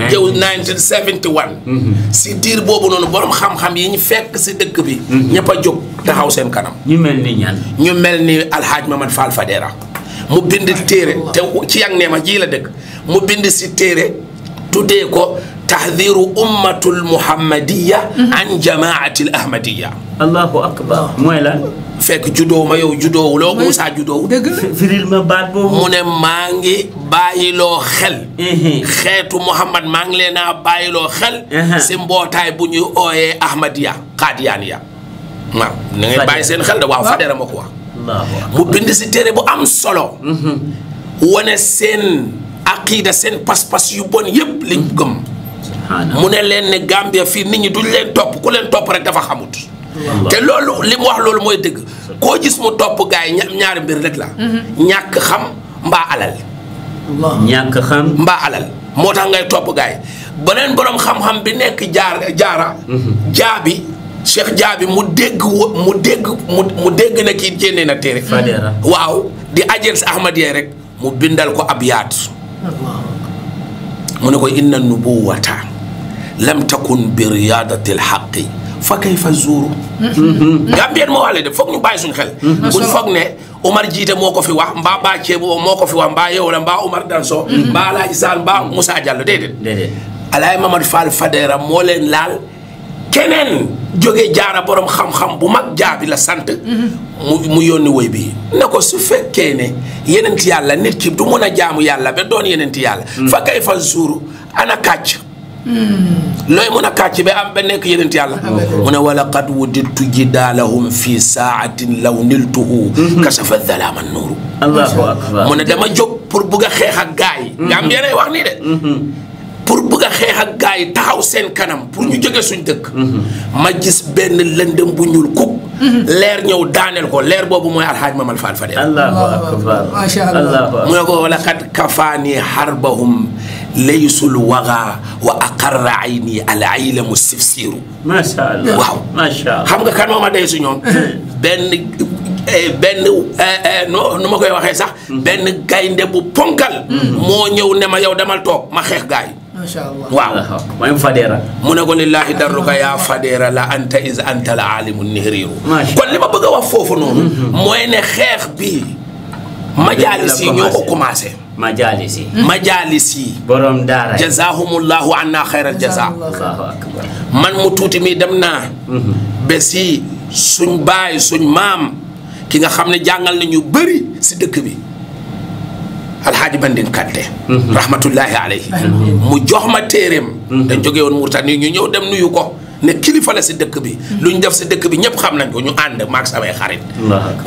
jëw 1971. Mhm. si diir boobu noonu borom xam-xam yi ñu fekk si dëkk bi. ñëpp a jóg xaw seen kanam. ñu mel ni ñan. ñu mel ni Alhaji Mamad Fall Fadera. mu bind téere te ci yang ne ma ji la dëkk mu bind si téere tuddee ko. تحذير أمة المحمدية عن جماعة الأحمدية الله أكبر مويلا fekk judooma yow judoowu loo Moussa judoowu dëgg firil ma baat boobu mu ne maa ngi bàyyiloo xel xeetu Mouhamad maa ngi leen a bàyyiloo xel si mbootaay bu ñuy ooyee Ahmadiya Qadianiya waaw na ngeen bàyyi seen xel da waaw Fadera ma ko wax mu bind si téere bu am solo wane seen aqida seen pas-pas yu bon yépp liñ gëm mu ne leen ne Gambia fii nit ñi du leen topp ku leen topp rek dafa xamut. te loolu li wax loolu mooy dëgg. koo gis mu topp gars yi ñaari mbir rek la. Mhm. ñàkk xam mbaa alal. moo tax ngay topp gars yi beneen borom xam-xam bi nekk jaar jaara. Mhm. jaabi Cheikh jaabi mu dégg mu dégg mu dégg na kii jénnee na téere waaw di agence Ahmadiyya rek mu bindal ko ab mu ne ko inna nubuwata lam takun bi riyadati alhaqi fa kayfa zuuru gambien moo wàlle de foog ñu bàyyi suñ xel mm-hmm. buñ foog ne Omar jiite moo ko fi wa mbaa Ba Ceebo moo ko fi wax mbaa yow la mbaa Omar Danso mm-hmm. mbaa Alaaji Sall mbaa mm-hmm. Moussa Diallo déedéet Alaay Mamadou Fall Fadera moo leen laal keneen jóge jaara borom xam-xam bu mag jaabi la sant mu mu yónni woy bi ne ko su fekkee ne yenent yàlla nit ki du mun a jaamu yàlla ba doon yenent yàlla mm. fa kay fa zuuru ana kàcc nooy mën a kàcc ba am ba nekk yonent yàlla mu ne wala qad wudditu jidaalahum fi saatin law niltuhu mm-hmm. kasafa dalaama nuuru allahu akbar mu ne dama jóg pour bugg a xeex ak gaa yi nga mm-hmm. am yéenay wax nii de mm-hmm. pour bëgg a xeex ak gaa taxaw seen kanam pour ñu jóge suñ dëkk ma benn lëndëm bu ñuul kuk leer ñëw daaneel ko leer boobu mooy alxaaj mamal faal fadel macha allah mu ne ko wala xat kafaani xarbahum laysul waga wa aqarra ayni al aylamu sifsiru macha allah waaw xam nga kan mooma day su ñoom benn eh, benn eh, eh, no nu ma koy waxee sax mm-hmm. benn gaynde bu ponkal mm-hmm. moo ñëw ne ma yow demal toog ma xeex gaay ما شاء الله ما ين فديرا لله دروك يا فديرا لا انت اذا انت العالم النهرير كل ما بغا وفوف نون موي ني خيخ بي مجالسي نيو الله ما شاء بروم دار جزاهم الله عنا ما شاء الله ما شاء الله ما شاء الله ما شاء الله ما شاء الله ما شاء بري سي دك بي alhaaji bandin kadde rahmatullahi alayhi mu jox ma téeréem dañ jóge woon murtani ñu ñëw dem nuyu ko ne kilifa la si dëkk bi lu ñu def si dëkk bi ñëpp xam nañ ko ñu ànd maag samay xarit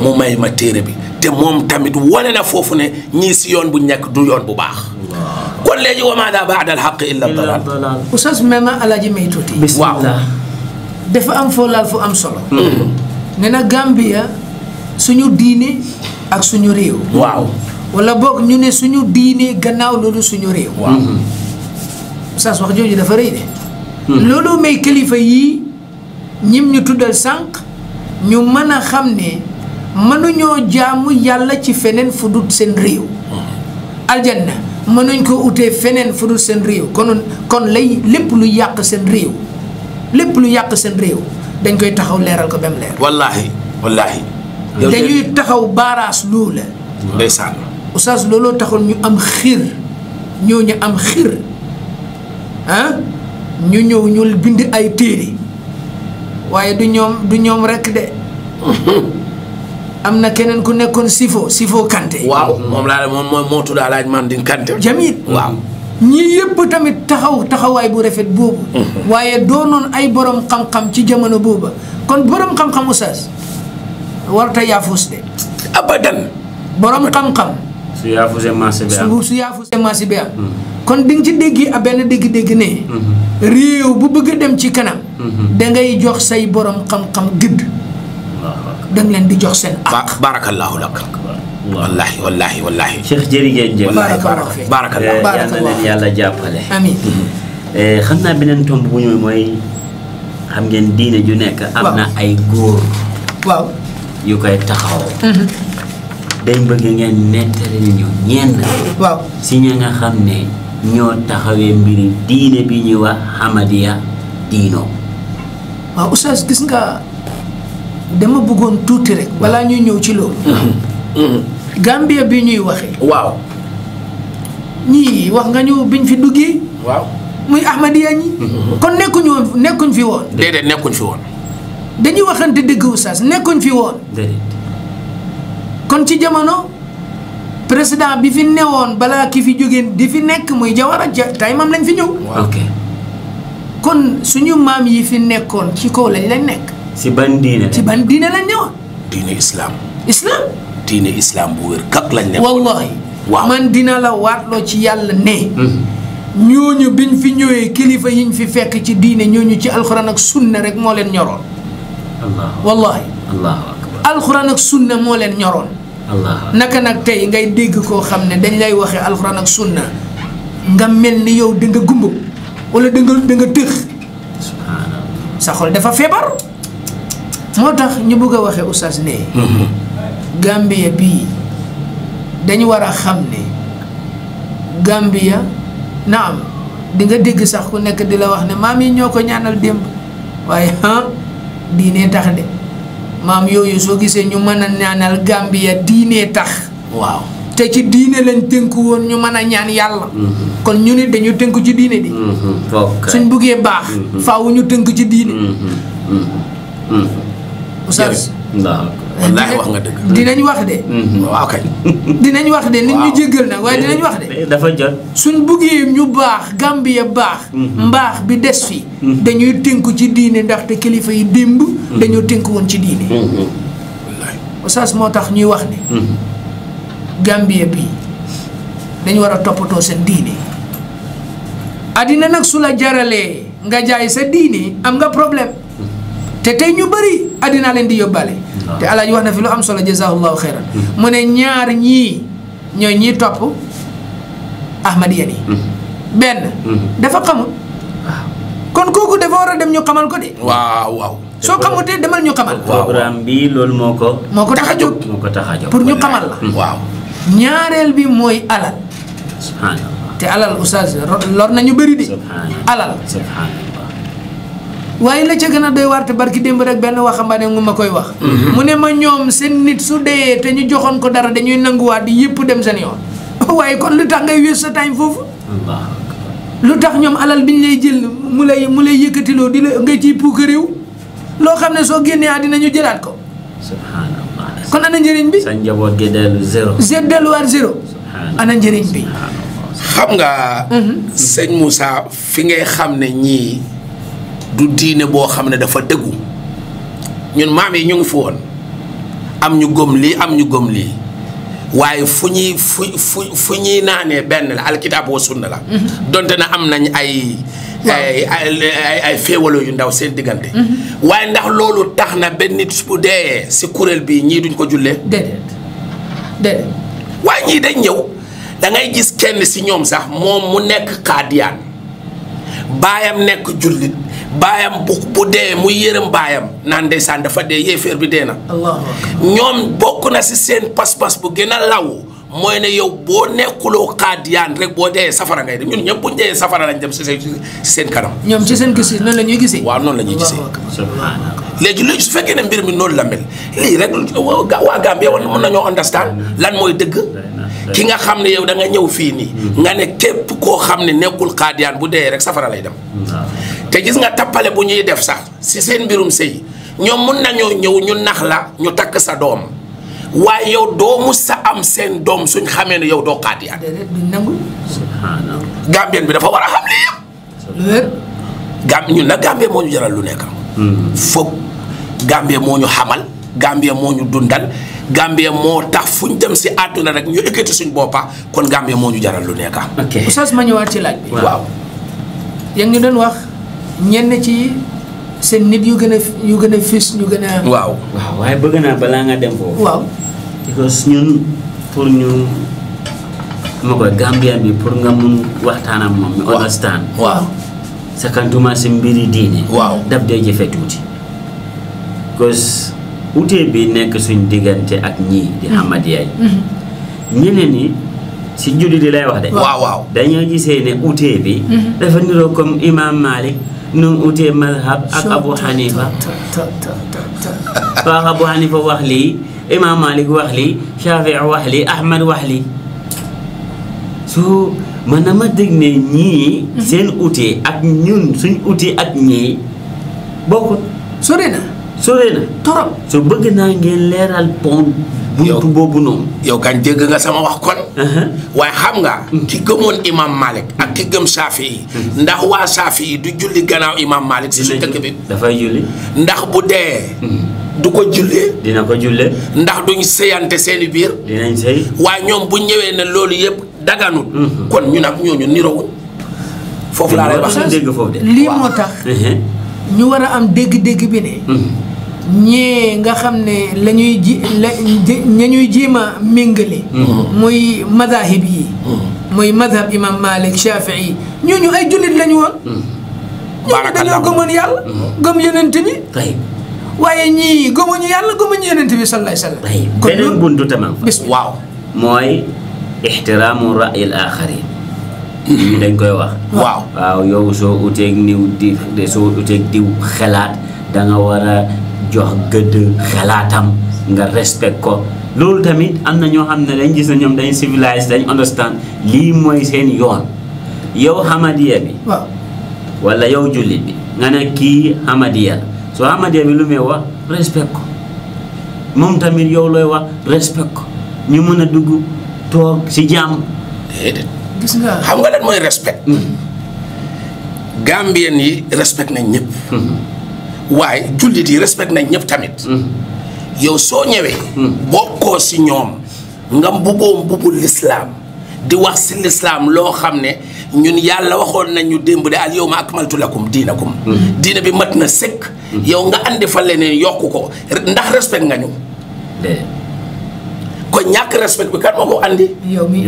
mu may ma téere bi te moom tamit wane na foofu ne ñii si yoon bu nekk du yoon bu baax kon léegi wama daa baada al xaq illa dalal oustaz mema alaji may tuuti waaw dafa am foo laal fu am solo nee na gambia suñu diine ak suñu réew waaw wala boog ñu ne suñu diine gannaaw loolu suñu réew. waaw mhm. saas wax jooju dafa rëy de. Mhm. loolu may kilifa yii ñim ñu tuddal sànq ñu mën a xam ne mënuñoo jaamu yàlla ci feneen fu dul seen réew. Mhm. aljanna mënuñ ko utee feneen fu dul seen réew kon kon lay lépp lu yàq seen réew lépp lu yàq seen réew dañ koy taxaw leeral ko ba mu leer. wallaahi wallaahi. dañuy taxaw baaraas loolu oustaz looloo taxoon ñu am xir ñoo ñu am xiir ah ñu ñëw ñu bind ay téere waaye du ñoom du ñoom rekk de am na keneen ku nekkoon sifo sifoo Kanté. waaw moom laa moom mooy moo tudd alaaj Mandin Kanté. Jamil waaw. ñii yëpp tamit taxaw taxawaay bu rafet boobu. waaye doonoon ay borom xam-xam ci jamono booba kon borom xam-xam oustaz warta yaafus de. abadan borom xam-xam. su yaafuse marché bi am su yaafuse marché bi mm-hmm. kon di nga ci dégg a benn dégg-dégg mm-hmm. bu bëgg a dem ci kanam. Mm-hmm. da ngay jox say borom xam-xam gëdd. da leen di jox seen àq. barakallahu lak wallahi wallahi wallahi Cheikh jërëjëf jëf eh, yàlla leen yàlla jàppale. amiin eh, xam naa beneen tomb bu ñu mooy xam ngeen diine ju nekk. am na ay góor. waaw yu koy taxawoo. dañ bëgg ngeen nettali ñu ñenn. waaw si ña nga xam ne ñoo taxawee mbiri diine bi ñuy wax Ahmadiyya diino. waaw oustaz gis nga dama bëggoon tuuti rek. balaa ñuy ñëw ci loolu. Gambia bi ñuy waxee. waaw. ñii wax nga ñu biñ fi duggee. waaw muy Ahmadiyya ñi. kon nekkuñu woon nekkuñ fi woon. déedéet nekkuñ fi woon. dañuy waxante dëgg oustaz nekkuñ fi woon. kon ci jamono président bi fi newoon balaa ki fi jóge di fi nekk muy Jawara ja tay mam lañ fi ñëw. kon suñu maam yi fi nekkoon ci kaw lañ lañ nekk. si ban diine ci ban diine lañ ñëwoon. diine islam. islaam diine islam bu wér kak lañ nekk. wallahi waaw man dina la waatloo ci yàlla ne. Hmm. ñooñu biñ fi ñëwee kilifa yiñ fi fekk ci diine ñooñu ci alxuraan ak sunna rek moo leen ñoroon. wallahi. allahu akbar alxuraan ak sunna moo leen ñoroon. naka nak tay ngay deg ko xamne dañ lay waxe alquran ak sunna nga melni yow de nga gumbu wala de nga de nga tëx sa xol dafa febar motax ñu bëgg waxe oustaz ne mhm. gambia bi dañ wara xamne gambia naam di nga deg sax ku nek di la wax ne mami ñoko ñaanal demb waye ha diine tax de maam yooyu soo gisee ñu mën a ñaanal Gambia diine tax. waaw te ci diine lañ tënku woon ñu mën a ñaan yàlla. Mm-hmm. kon ñu ne dañu tënku ci diine di mm-hmm. suñ buggee baax. Mm-hmm. faaw ñu tënku ci diine. oustaz. wallaahi wax nga dëgg. dinañ wax de. Mm-hmm. waaw kay. dinañ wax de nit ñu jéggal nag waaye dinañ wax de. Eh, dafa jot. suñ buggee ñu baax Gambia baax. Mm-hmm. mbaax bi des fi. Mm-hmm. dañuy tënku ci diine ndaxte kilifa yi démb. dañoo tënku woon ci diine. wallaahi moo tax ñuy wax ne. Gambia bi dañu war a toppatoo seen diine. addina nag su la jaralee nga jaay sa diine am nga problème. te tey ñu bari addinaa leen di yóbbaale. te alaaji wax na fi lu am solo jazaahullahu xeyran mu ne ñaar ñii ñooy ñii topp ahmadiyan yi benn dafa xamul kon kooku dafa war a dem ñu xamal ko de waaw waaw soo xamutee demal ñu xamal programme bi loolu moo ko moo ko tax a jóg ko tax pour ñu xamal la mm, waaw ñaareel bi mooy alal te alal oustaz lor nañu bëri de alal waye la ci gëna a doy warte barki demb rek benn waxambaane mu makoy koy wax mhm. mu ne ma ñom seen nit su dee te ñu joxon ko dara dañuy di yépp dem seen yoon waye kon lu tax ngay wëss taay time lu tax ñom alal biñ lay jël mu lay mu lay lo di nga ci puuk réew loo xam ne soo génnee àddina ñu ko subhanallah kon ana njëriñ bi sa njaboot gëdel zéro war zéro ana njëriñ bi xam nga mhm. seigne Moussa fi ngay xamne ñi du diine boo xam ne dafa dëggu ñun maam yi ñu ngi fi woon am ñu gëm lii am ñu gëm lii waaye fu ñuy fu fu fu ñuy naanee benn la alkitaab wa la mm-hmm. donte na am nañ ay ay ay yu ndaw seen diggante mm-hmm. waaye ndax loolu tax na benn nit bu dee si kuréel bii ñii duñ ko jullee déedéet waaye ñii dañ ñëw dangay gis kenn si ñoom sax moom mu nekk xaadiyaan baayam nekk jullit baayam bu bu dee muy yërëm baayam naan de ndeysaan dafa dee yéeféer bi dee na. ñoom bokk na si seen pas-pas bu gën a law mooy ne yow boo nekkuloo xaadiyaan rek boo dee safara ngay dem ñun ñëpp bu ñu dee safara lañ dem si seen kanam. ñoom ci seen gis noonu la ñuy gisee. waaw noonu la ñuy gisee. léegi léegi su fekkee ne mbir mi noonu la mel lii rek waa Gambie mën nañoo understand lan mooy dëgg. ki nga xamne yow da nga ñew fi ni hmm. nga ne kep ko xamne nekul qadian bu de rek safara lay dem te gis nga tapale bu ñuy def sax si seen birum sey ñom mun nañu ñew ñu nax la ñu tak sa dom waaye yow domu sa am seen dom suñ xamé ne yow do qadian gambien bi dafa wara xam li yeb gam ñu na gambé mo ñu jaral lu nekk hmm. foog gambé mo ñu xamal gambé mo ñu dundal Gambia moo tax fu ñu dem si àdduna rek ñu ekkati suñ boppa kon Gambia moo ñu jaral lu nekka ok sas ma ñëwaat ci laaj bi. waaw yaa ngi doon wax ñenn ci seen nit yu gën a yu gën a fis ñu gën a. waaw waaw waaye bëgg naa balaa nga dem foofu. waaw parce ñun pour ñu. ma ko Gambia bi pour nga mun waxtaan ak moom. waaw mi understand. waaw sa kantuma si mbiri diine. waaw daf dee jëfe tuuti. parce utee bi nekk suñ diggante ak ñii di mm-hmm. Ahmadiyya mm-hmm. ñeneen ñi si julli di lay wax de waaw waaw dañoo gisee ne utee bi mm-hmm. dafa niroo comme Imam Malik nu mu madhab ak Abu Hanifa wax lii Imam Malik wax lii Shafi wax lii Ahmad wax lii su man dama dégg ne ñii seen utee ak ñun suñ utee ak ñii bokkut sori na sore na torop soo bëgg naa ngeen leeral pont buntu boobu noonu yow kan dégg nga sama wax kon uh-huh. waaye xam nga hmm. ki gëmoon imam malik ak ki gëm saafi yi hmm. ndax waa saafi yi du julli gannaaw imam malik si su dëkk bi dafay julli ndax bu dee hmm. du ko jullee dina ko jullee ndax duñ sëyante seeni biir dinañ sëy waaye ñoom bu ñëwee ne loolu yëpp daganut kon ñu nag ñooñu nirowuñ foofu laa lay wax dégg foofu de lii moo tax uh-huh. ñu war a am dégg-dégg bi ne ñee nga xam ne lañuy ñuy ji la ña ñuy jéem a méngale. Mm-hmm. muy madahib yi. Mm-hmm. muy madhab imam Malik Shafii ñooñu ay jullit lañu woon. baaraka mm-hmm. ñooñu dañoo gëmoon yàlla. gëm yonent bi. waaye ñii gëmuñu waaw mooy. ixtiraamu raay al dañ koy wax. waaw waaw yow soo uteeg niw diw xelaat da war jox gëdd xalaatam nga respect ko loolu tamit am na ñoo xam ne dañ gis na ñoom dañ civilisé dañ understand lii mooy seen yoon yow xamadiya bi wala yow jullit bi nga ne kii xamadiya soo xamadiya bi lu muy wax respect ko moom tamit yow looy wax respect ko ñu mën a dugg toog ci jàmm déedéet gis xam nga lan mooy respect hmm. gambien yi respect nañ ñëpp hmm. waaye jullit yi respect nañ ñëpp tamit. Mm-hmm. yow soo ñëwee. Mm-hmm. bokkoo si ñoom nga mbubboo mbubbu lislaam di wax si lislaam loo xam ne ñun yàlla waxoon nañ ñu démb de al yawma akmaltu lakum diinakum. Mm-hmm. diina bi mat na sëkk. yow nga andi fa leneen yokku ko ndax respect nga ñu. kon ñàkk respect bi kan moo ko andi. yow mii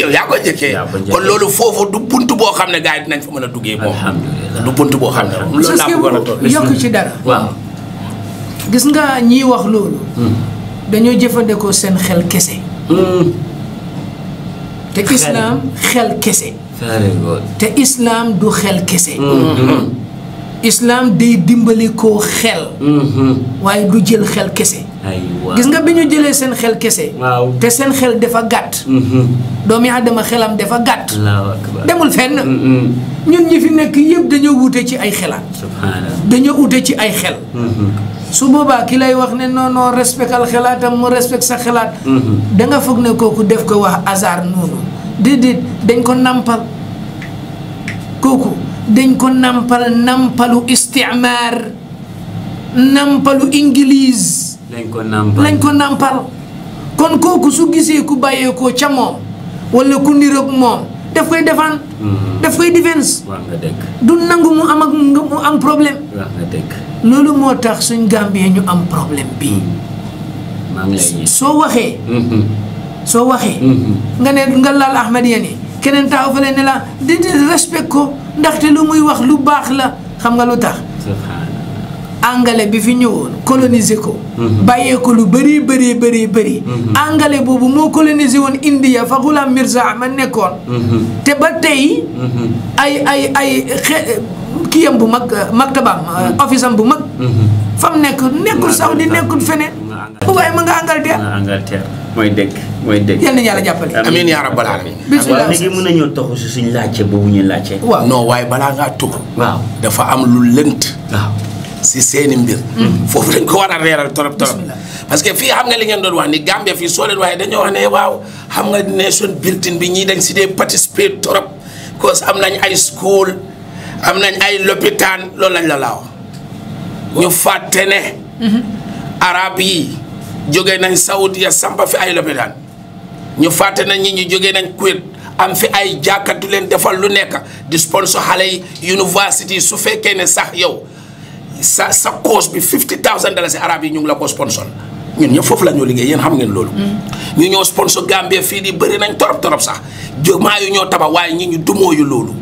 yow yaa ko njëkkee kon loolu foofu du bunt boo xam ne gars yi nañ fa mën a duggee moom. du bunt boo xam ne. loolu laa yokk ci dara. waaw nga ñiy wax loolu. Hmm. dañoo jëfandikoo seen xel kese. Hmm. te islam xel kese. te islam du xel kese. Hmm. islam day dimbali koo xel. waaye du jël xel kese. gis nga bi ñu jëlee seen xel kese. waaw te seen xel dafa gàtt. Mm-hmm. doomi aadama xelam dafa gàtt. demul fenn. Mm-hmm. ñun ñi fi nekk yëpp dañoo wute ci ay xelaat. dañoo wute ci ay xel. Mm-hmm. su boobaa ki lay wax ne non non respectal xelaatam mu respect sa xelaat. danga foog ne kooku def ko wax hasard noonu déedéet dañ ko nàmpal kooku dañ ko nampal nampalu istimaar nampalu ingilise. lañ ko nàmpal lañ ko nàmpal kon kooku su gisee ku bàyyeekoo ca moom wala ku niroog moom daf koy defaan. Mm-hmm. daf koy defense. du nangu mu am ak mu am problème. wax nga loolu moo tax suñ gàmbee ñu am problème bii. Mm-hmm. soo waxee. Mm-hmm. soo waxee. nga ne nga laal Ahmed yani keneen taxaw fële ne la di respect ko ndaxte lu muy wax lu baax la xam nga lu tax. angale bi fi ñëwoon coloniser ko. bàyyeeku lu bari bëri bari bëri. angale boobu moo coloniser woon India fa Ghulam Mirza Ahmad nekkoon. te ba tey. ay ay ay xe kiyam bu mag maktabam office am bu mag. fa nekk nekkul Saoudi nekkul feneen. bu waaye ma nga Angleterre. mooy dëgg mooy dëgg. yal nañu yàlla jàppale. amiin yaa rabbal aalamiin. bisimilah waaw léegi mën nañoo toxu si suñu laajte boobu ñu laajte. waaw non waaye balaa ngaa tudd. waaw dafa am lu lënt. waaw. si seeni mbir. Mm. foofu dañ ko war a reeral torop torop. parce que fii xam nga li ngeen doon wax ni Gambia fii soo leen waxee dañoo wax ne waaw xam nga nation building bi ñii dañ si dee participer torop cause am nañ ay school am nañ ay lopitaan loolu lañ la laaw ñu fàtte ne. Mm-hmm. arab yi jóge nañ Saudia sampa fi ay lopitaan ñu fàtte ne ñi ñu jóge nañ Kuwait am fi ay jàkka du leen defal lu nekk di sponsor xale yi university su fekkee ne sax yow. sa sa cause bi fifty thousand dalasi arab yi ñu ngi la ko sponsor ñun ñëpp foofu la ñoo liggéey yéen xam ngeen loolu. Mm. ñu ñoo sponsor Gambie fii di bëri nañ torop torop sax maa yu ñoo tabax waaye ñi ñu dumoo yu loolu.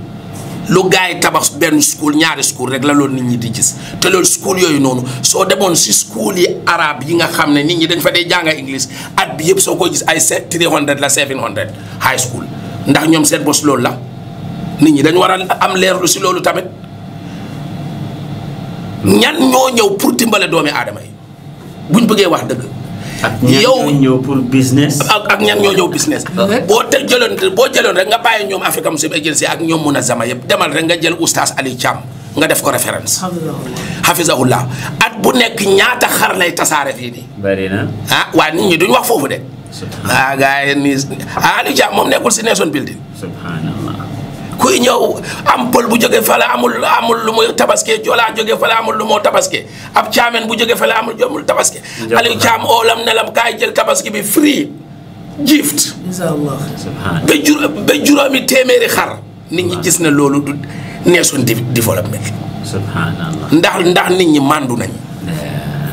lu gars yi tabax benn school ñaari school rek la loolu nit ñi di gis te loolu school yooyu noonu soo demoon si school yi arabe yi nga xam ne nit ñi dañ fa dee jàng English at yëpp soo ko gis ay 300 la 700 high school ndax ñoom seen bos loolu la nit ñi dañ war a am leerlu si loolu tamit. ñan ñoo ñëw pour dimbale doomi aadama yi buñ bëggee wax dëgg. ak ñan ñoo ñëw pour business. ak ak ñan ñoo ñëw business. Ah. boo te jëloon boo jëloon rek nga bàyyi ñoom Africa Muslim Agency ak ñoom Munazama yëpp demal rek nga jël oustaz Ali Thiam nga def ko référence. hafizahullah at bu nekk ñaata xar lay tasaare fii nii. bari na ah waa nit ñi duñ wax foofu de. ah gars yi nii ah, Ali Thiam moom nekkul si nation building. kuy ñëw am pël bu jóge fale amul amul lu muy tabaskee joolaa jóge fale amul lu moo tabaske ab caameen bu jóge fale amul jomul tabaske aliou caam na nelam kaay jël tabaski bi free gift ba jur ba juróomi téeméeri xar nit ñi gis na loolu du neesoon développement subhanallah ndax ndax nit ñi màndu nañ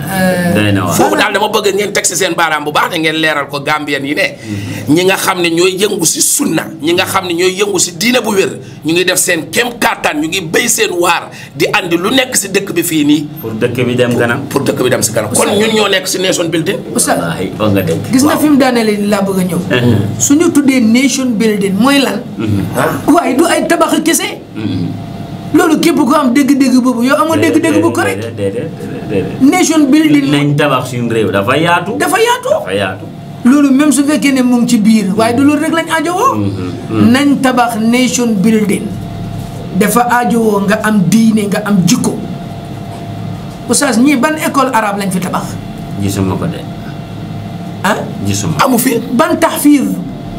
Euh, foofu daal dama bëgg ngeen teg si seen baaraam bu baax te ngeen leeral ko gàmbien yi ne. Mhm. ñi nga xam ne ñooy yëngu si sunna ñi nga xam ne ñooy yëngu si diina bu wér ñu ngi def seen kem kàttan ñu ngi béy seen waar di andi lu nekk si dëkk bi fii nii. pour dëkk bi dem kanam. pour dëkk bi dem si kanam kon ñun ñoo nekk si nation building. oustaz gis nga fi mu laa bëgg a ñëw. Mhm. su ñu tuddee nation building mooy lan. Mhm. waaye du ay tabax kese. loolu képp ko am dégg-dégg boobu yow amoo dégg-dégg bu correct. déedéet déedéet nation building nañ tabax suñu réew dafa yaatu. dafa yaatu dafa yaatu. loolu même su fekkee ne moom ci biir waaye du loolu rek lañ aajowoo. Mm-hmm, mm-hmm. nañ tabax nation building dafa aajowoo nga am diine nga am jikko oustaz ñii ban école arabe lañ fi tabax. gisuma ko de. ah gisuma amu fi ban tahfiz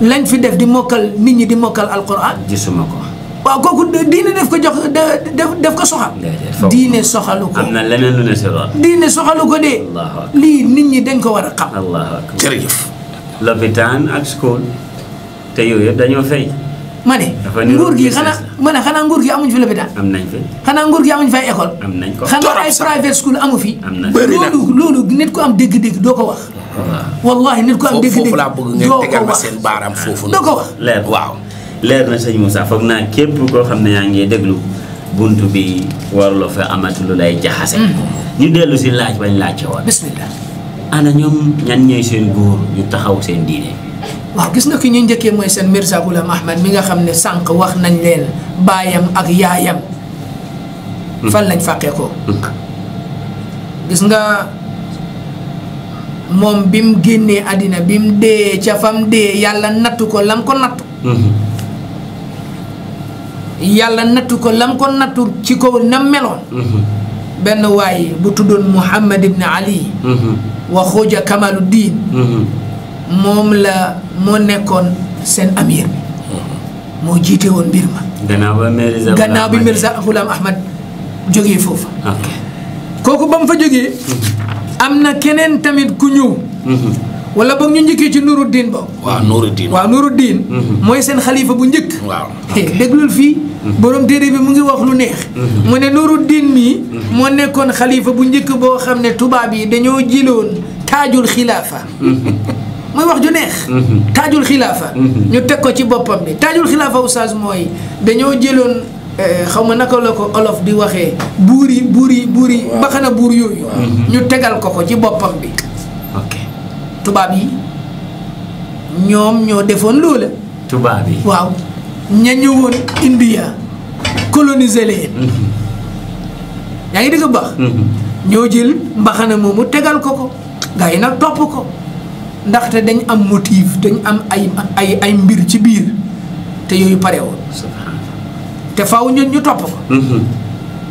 lañ fi def di mokkal nit ñi di mokkal alquran. gisuma ko. waaw kooku diine def ko jox def ko soxal. diine soxalu ko. am na leneen lu ne si diine soxalu ko de lii nit ñi dañ ko war a xam. allah akbar jërëjëf. lopitaan ak school te yooyu yëpp dañoo fay. ma ne nguur gi xanaa ma ne xanaa nguur gi amuñ fi lopitaan. am nañ fi xanaa nguur gi amuñ fi ay école. am nañ ko xanaa ay private school amu fi. am nañ loolu loolu nit ko am dégg-dégg doo ko wax. wallahi nit ko am. dégg-dégg doo wax foofu laa bëgg ngeen tegal seen baaraam foofu. doo ko waaw. leer na sëñ Moussa foog naa képp koo xam ne yaa ngi déglu bunt bi waruloo fa amati lu lay jaxase. Mm. ñu dellu si laaj bañ laajte woon. bismillah ana ñoom seen góor ñu taxaw seen diine. gis nga ki ñu njëkkee mooy seen Mirza Ghulam mi nga xam ne sànq wax nañ leen baayam ak yaayam. Mm. fan lañ fàqee mm. nga moom bi mu génnee àddina bi mu dee ca fam dee yàlla nattu ko lam ko nattu. Mm-hmm. yàlla nattu ko lam ko nattu ci ko na meloon mhm. benn waay bu tuddoon Muhammad ibn Ali mhm. wa xooja Kamalu Diin mhm. moom la moo nekkoon seen amir moo jiite woon mbir ma gannaaw bi Mirza Ghulam Ahmad jógee foofu kooku ba fa jógee am na keneen tamit ku ñëw wala boog ñu njëkkee ci nuuru diin boobu. waaw nuuru diin mhm. mooy seen xalifa bu njëkk. waaw eh, déglul fii. Mhm. borom téere bi mu ngi wax lu neex. Mhm. mu ne nuuru diin mii. moo nekkoon xalifa bu njëkk boo xam ne tubaab yi dañoo jiloon taajul xilaafa. mooy wax ju neex. taajul xilaafa. ñu teg ko ci boppam bi taajul xilaafa oustaz mooy dañoo jëloon. Eh, xaw ma naka la ko olof di waxee buur yi buur yi buur yi baxana buur yooyu ñu tegal ko ko ci boppam bi tubaab yi ñoom ñoo defoon loola. tubaab yi waaw. ña woon India coloniser leen. Mhm. yaa ngi dëgg baax. Mhm. ñoo jël mbaxana mu tegal ko ko gars yi nag topp ko ndaxte dañ am motif dañ am ay ay mbir ci biir te yooyu pareewoon. te faw ñun ñu topp ko. Mhm.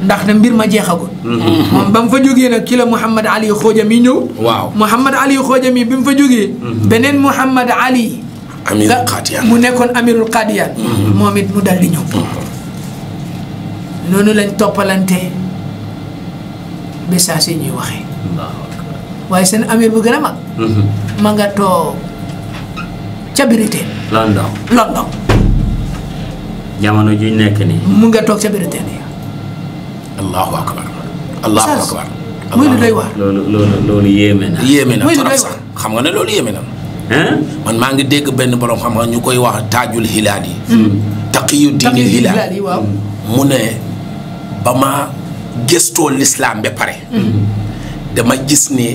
ndax na mbir ma jeexagul mom mhm. bam fa nak ki muhammad ali xooja mi muhammad ali xooja mi bim fa mhm. benen muhammad ali Amir qadiyan mu nekkon amirul qadiyan mhm. momit mu dal di ñew nonu lañ topalante ba saa amir bu gëna a mag ma nga to london london jamono ju nekk ni mu nga toog ni الله اكبر الله اكبر muy lu doy waar loolu loolu loolu yéeme na yéeme na trop sax xam nga ne loolu yéeme na man maa ngi dégg benn borom xam nga ñu koy wax taajul hilaal yi taqiyu diini hilaal mu ne ba ma gëstoo lislaam ba pare dama gis ne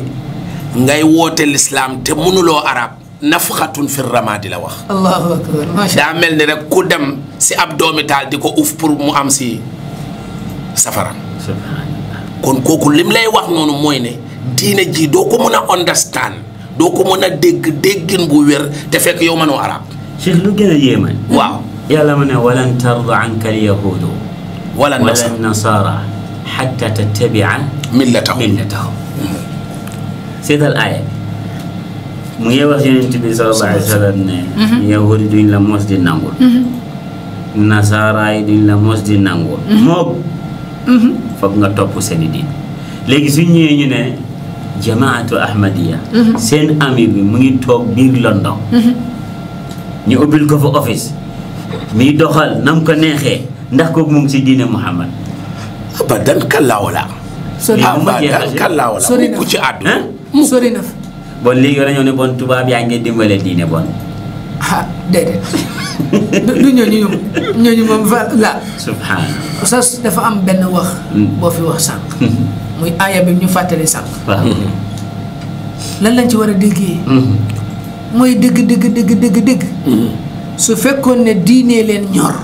ngay woote lislaam te mënuloo arab nafxatun fi ramadi la wax allahu akbar daa mel ni rek ku dem si ab doomi taal di ko uf pour mu am si safara kon koku lim lay wax nonu moy ne diine ji doo ko understand doo ko mën a dégg bu wér te fek yow manu arab cheikh lu gën a waaw yàlla mané walan tarda anka alyahudu walan nasara tattabi'a millatahum millatahum ملته al الآية mu ngi wax yenen bi sallallahu alayhi wasallam ne yahudi duñ la mos di nangul nasara yi duñ la mos di nangul moog foog nga topp seen i diin léegi su ñëwee ñu ne jamaatu ahmadiya mhm. seen ami bi mu ngi toog biir London mhm. ñu ubbil ko fa office mi doxal nam ko neexee ndax kooku mu ngi si diine Muhammad abadan kallaa wala abadan kallaa wala ku ci àdduna sori na bon léegi war a ñëw ne bon tubaab yaa ngi dimbale diine bon ah déedéet du ñooñu ñooñu moom voilà. subhanallah oustaz dafa am benn wax. Hmm. boo fi wax sànq. Hmm. muy aaya bi ñu fàttali sànq. lan lañ ci war a déggee. Hmm. mooy dëgg dëgg dëgg dëgg su fekkoon ne diinee leen ñor.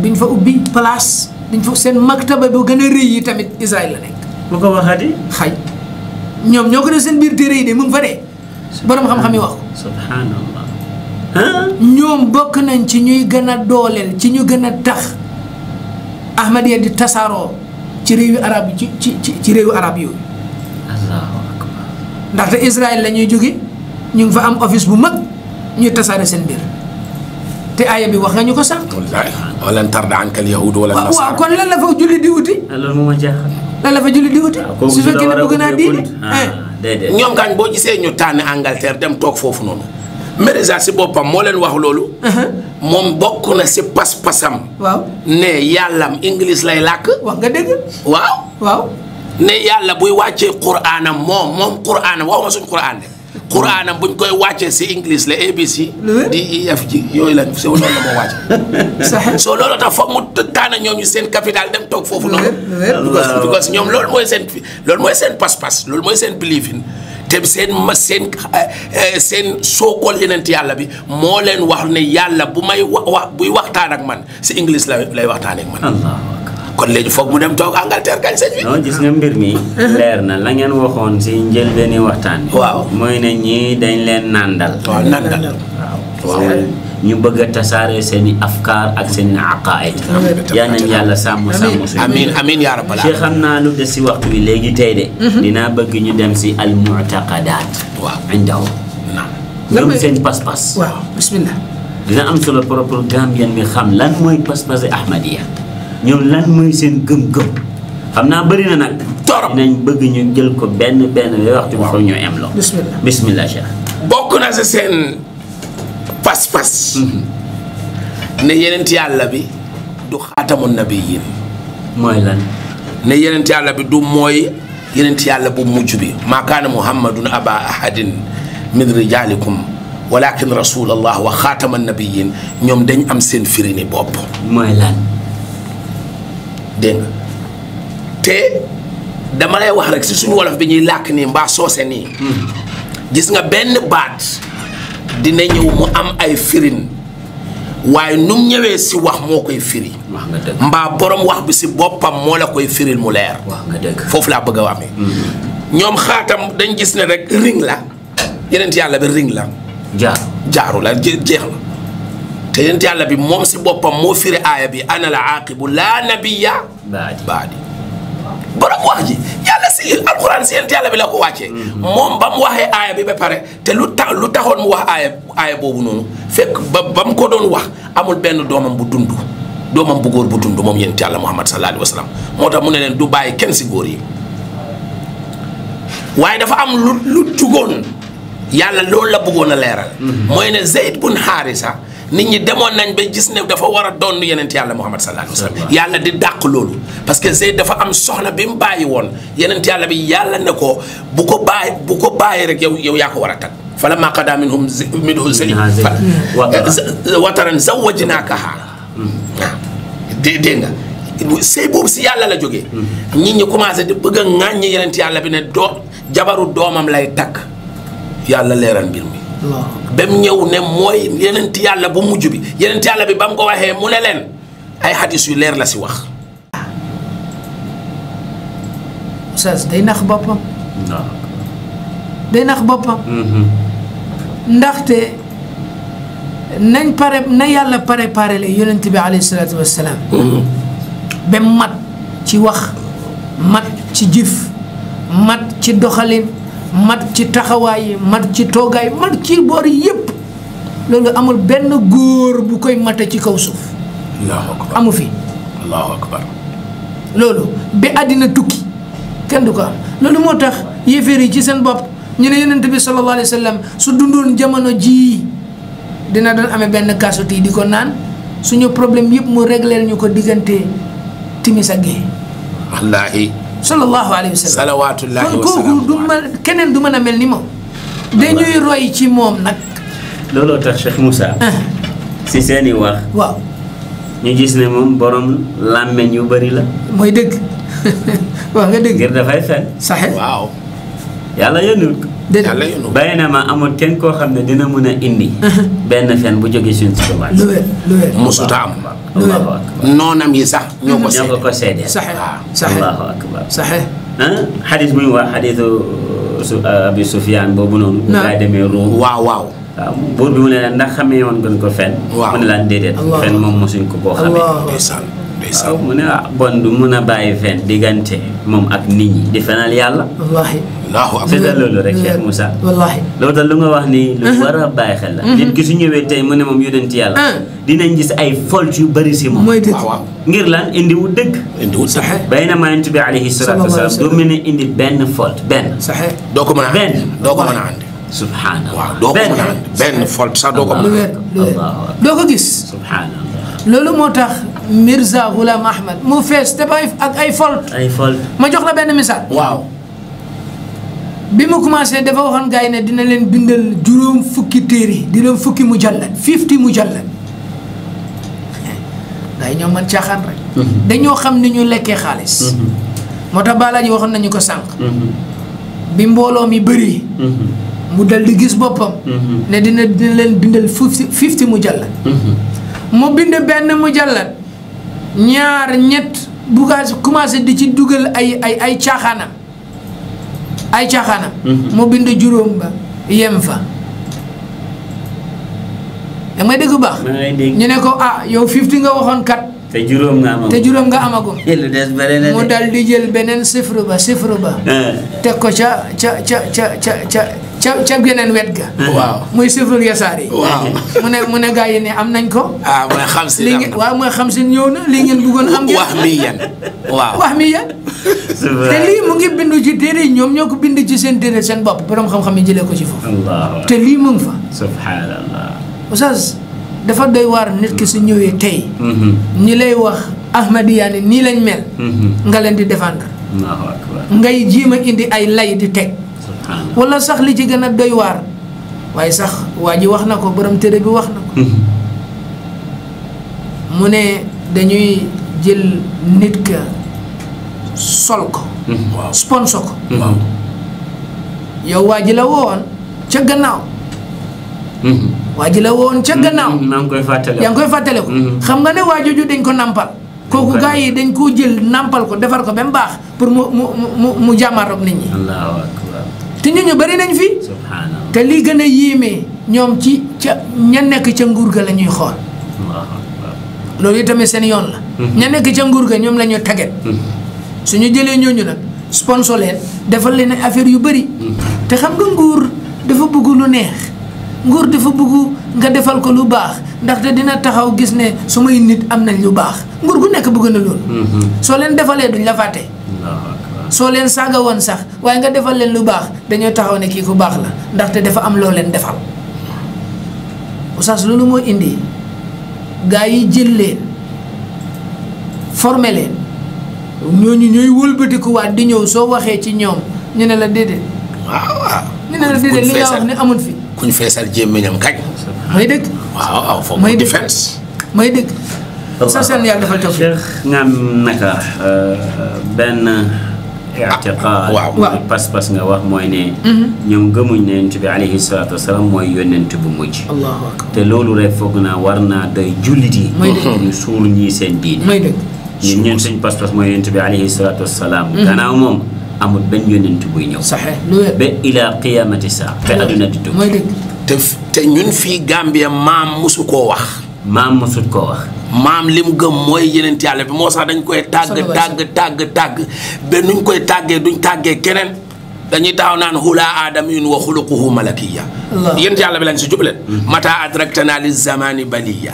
bi ñu fa ubbi place duñ fa seen maktaba bu gën a rëy yi tamit Israël la nekk. bu ko waxati. xay ñoom ñoo ko def seen biir téere yi de mu fa dee. borom xam-xam yi wax ko. ñoom bokk nañ ci ñuy gën a dooleel ci ñu gën a tax Ahmadiyya di tasaaroo ci réewi arab ci ci ci réewi arab yooyu. ndaxte Israël la ñuy jóge ñu ngi fa am office bu mag ñuy tasaare seen biir te aaya bi wax nga ñu ko sànq. wallaahi wala tarda anka al yahud wala nasara waaw kon lan la fa julli di uti. Ah, lan la fa julli di uti. su ah, fekkee ne bëgg naa diine déedéet ñoom kaañ boo gisee ñu tànn Angleterre dem toog foofu noonu. Mérésa si boppam moo leen wax loolu. Uh-huh. moom bokk na si pas-pasam. waaw ne yàllam anglais lay làkk. wax nga dëgg. waaw waaw. ne yàlla buy wàccee quraanam moom moom quraanam waxuma suñ quraan de. bu ñu koy wàccee si english la ABC. di EF ji yooyu lañ si loolu la ma wàcce. sax soo loolu tax foog mu ñu seen capital dem toog foofu noonu. because ñoom loolu mooy seen loolu mooy seen pas-pas loolu mooy seen believing te seen ma seen eh, eh, seen sookool yenent yàlla bi moo leen wax ne yàlla bu may wa buy waxtaan ak man si english la lay waxtaan ak man. kon léegi foog mu dem tok Angleterre kañ sëñ bi. non gis nga mbir mi. leer na la ngeen waxoon si njëlbeeni waxtaan waaw moy ne ñi dañ leen nandal. waaw nandal waaw. ñu bëgg a tasaare seen i ak seen i ya na nañ yàlla sam sàmm amin amiin amiin rabbal alamin. xam lu de si waxtu bi legi tay de. Mhm. dina bëgg ñu dem ci al mu'taqadat waaw indaw. na ñu seen pas-pas. waaw bismillah. dina am solo propre Gambien mi xam lan moy pas-pas Ahmadiyya. ñom lan moy seen gëm-gëm xamna bari na nak torop nañ bëgg ñu jël ko benn benn yo wax ci foog ñu am lo bismillah bismillah cheikh bokk na sa seen pass pass ne yenent yàlla bi du khatamun nabiyyin moy lan ne yenent yàlla bi du moy yenent yàlla bu mujju bi ma kana muhammadun aba ahadin min rijalikum ولكن رسول الله وخاتم النبيين nabiyin ñoom ام سين فريني بوب موي لان dégg te dama lay wax rek si suñu wolof bi ñuy làkk nii mbaa soose nii. gis nga benn baat dina ñëw mu am ay firin waaye nu mu ñëwee si wax moo koy firi. wax nga dëgg mbaa borom wax bi si boppam moo la koy firil mu leer. wax foofu laa bëgg a amee. Mm-hmm. ñoom xaatam dañ gis ne rek ring la yeneen yàlla bi ring la. jaar jaaru la jeex la. te yent yàlla bi moom si boppam moo firi aaya bi ana la aaqibu laa nabiya baadi borom wax ji yàlla si alxuraan si yent yàlla bi la ko wàccee moom ba mu waxee aaya bi ba pare te lu tax lu taxoon mu wax aaya aaya boobu noonu fekk ba ba mu ko doon wax amul benn doomam bu dund doomam bu góor bu dund moom yent yàlla muhammad sallallahu alayhi wa sallam moo tax mu ne leen du bàyyi kenn si góor yi waaye dafa am lu jugoon yàlla loolu la bëggoon a leeral mm-hmm. nit ñi demoon nañ ba gis ne dafa war a doon yeneen yàlla Muhammad sallallahu alayhi wa sallam yàlla di dàq loolu parce que Zayd dafa am soxla bi mu bàyyi woon yeneen yàlla bi yàlla ne ko bu ko bàyyi bu ko bàyyi rek yow yow yaa ko war a tag falammaa qadaa minhum minhu Zayd wataran zawwajnaakahaa hmm. dégg nga sëy boobu si yàlla la jógee hmm. nit ñi commencé di bëgg a ŋàññi yeneen yàlla bi ne doo jabaru doomam lay takk yàlla leeral mbir mi ba ñëw ne mooy yenent yàlla bu mujj bi yenent yàlla bi ba mu ko waxee mu ne leen ay xadis yu leer la si wax. oustaz day nax boppam. day nax boppam. Mhm. ndaxte nañ pare na yàlla préparé la yonent bi alayhi salaatu wa salaam. Mhm. mat ci wax mat ci jëf mat ci doxalin. mat ci taxaway mat ci togay mat ci boor yépp loolu amul ben goor bu koy maté ci kaw suuf amu fi allahu akbar lolu bi adina tukki ken du ko am loolu moo tax ci sen bop ñu ne bi sallallahu alaihi wasallam su dundoon jamono ji dina don amé ben diko di suñu problème yep mu régler ñuko digënté timis ak wallahi صلى الله عليه وسلم صلوات الله وسلامه كو كو دوما كنن دوما ملني مو دي نوي روي تي موم نا لولو تا شيخ موسى سي سيني واخ واو ني جيس ني موم بوروم لامي نيو بري لا موي دغ واخا دغ غير دا فاي سان صحيح واو yàlla yónniwul ko. dëgg bàyyi na ma amul kenn koo xam ne dina mun a indi. benn fen bu jógee suñ si waat. lu wér lu noonam yi sax. ñoo ko seede ñoo ko seede. saxe saxe allahu akbar saxe. Ah, xadis bu wax xadisu uh, su uh, boobu noonu. waaw daa Ruum. waaw waaw. buur bi mu ne la ndax xamee woon gën ko fen. waaw mu ne laan déedéet. fen moom mosuñ ko koo xamee. waaw mu ne ah bon du mun a bàyyi fen diggante moom ak nit ñi di fenal yàlla. wallaahi. seetal loolu rek Cheikh Moussa. wallaahi loolu tax lu nga wax ni. lu uh-huh. war a xel la. Uh-huh. nit gis su tey mu ne moom yonent yàlla. Uh-huh. dinañ gis ay fautes yu bëri si moom. mooy dëgg ngir lan indiwul dëgg. indiwul saxee. bay na maa yonent bi alayhi salaatu wa salaam doo indi benn faute ben saxee doo ko mën a benn doo ko mën a andi. subhanallah benn benn faute sax ko mën loolu moo tax. Mirza Ghulam Ahmad mu fees te ba ak ay folt. ay folt ma jox la benn misaal. waaw bi mu commencé dafa waxoon gars ne dina leen bindal juróom fukki téere di leen fukki mujallad fifty mujallad gars yi ñoo mën caaxaan rek. Mhm. dañoo xam ni ñu lekkee xaalis. Mhm. moo tax Ba Ladi waxoon nañu ko sànq. Mhm. bi mbooloo mi bëri. mu dal gis boppam. ne dina dina leen bindal fifty fifty mujallad. mu bind benn mujallad ñaar ñett bu gaa commencé di ci dugal ay ay ay caaxaanam ay caaxaanam mu mhm. bind juróom ba yem fa da may dégg bu baax ñu ne ko ah yow fifty nga waxoon kat te juróom nga amagum te juróom nga amagum mu dal di jël beneen sifru ba sifru ba ah. teg ko ca ca ca ca ca ca ca geneen wet ga. Mhm. waaw muy siful yasaar yi. waaw mu ne mu ne gars yi ne am nañ ko. ah mooy xam si li mooy xam si ñëw na lii ngeen bëggoon am. wax mi yan waaw wax mi yan. te lii mu ngi bindu ci téere yi ñoom ñoo ko bind ci seen téere seen bopp borom xam-xam yi jëlee ko ci foofu. te lii mu fa. subhanallah. oustaz dafa doy waar nit ki si ñëwee tey. Mhm. ñi lay wax ahmadiya nii lañ mel. Mhm. nga leen di défendre. ngay jéem a indi ay lay di teg. wala sax li ci gën a doy waar waaye sax waa ji wax na ko borom téere bi wax na ko mhm. mu ne dañuy jël nit ka sol ko mhm. sponsor ko mhm. yow waa ji la woon ca gannaaw waa ji la woon ca gannaaw yaa ngi koy fàttale ko xam nga ne waa jooju dañ ko nàmpal kooku gars yi dañ koo jël nàmpal ko defar ko ba mu baax pour mu mu mu mu jàmmaaroog nit ñi te ñu ñu bëri nañ fii te lii gën a yéeme ñoom ci ca ña nekk ca nguur ga la ñuy xool. loolu itamit seen yoon la. Mhm. ña nekk ca nguur ga ñoom la ñu taget. Mhm. suñu jëlee ñooñu nag sponsor leen defal leen affaire yu bari mhm. te xam nga nguur dafa bugg lu neex. nguur dafa bëgg nga defal ko lu baax ndaxte dina taxaw gis ne su may nit am nañ lu baax nguur gu nekk bëgg na loolu. soo leen defalee duñu la fàtte. so len saga won sax way nga defal len lu bax dañu taxaw ne ki ku bax la ndax te dafa am lo len defal oustaz lolu mo indi gaay yi jël leen formé leen ñoy wulbeuti ku waat di ñew so waxee ci ñom ñu ne la déedéet waaw ñu ne la déedéet li nga wax ne amul fi kuñ feesal jémmiñam kañ may dëgg waaw waaw foofu may defense may dëgg sa sen yalla defal tok Cheikh ngam naka euh, euh, ben a ah, ah, waaw pas-pas nga wax mm-hmm. gëmuñ ne yonent bi alayhi mooy yonent loolu rek foog naa war naa doy jullit yi ñu seen diine ñun ñun suñ pas mooy yonent bi alayhi salaatu wasalaam mm-hmm. gannaaw moom amul benn yonent buy ñëw ba ila qiyamati saa te adduna di dugg te ñun fii Gambia maam mosu koo wax maam mosut koo wax maam li mu gëm mooy yeneen yàlla bi moo sax dañ koy tàgg tàgg tàgg tàgg ba koy tàggee duñ tàggee keneen dañuy taxaw naan xulaa aadamiyun wa xuluquhu malakiya yeneen yàlla bi lañ si jubleen mata adraktanaa li zamani baliya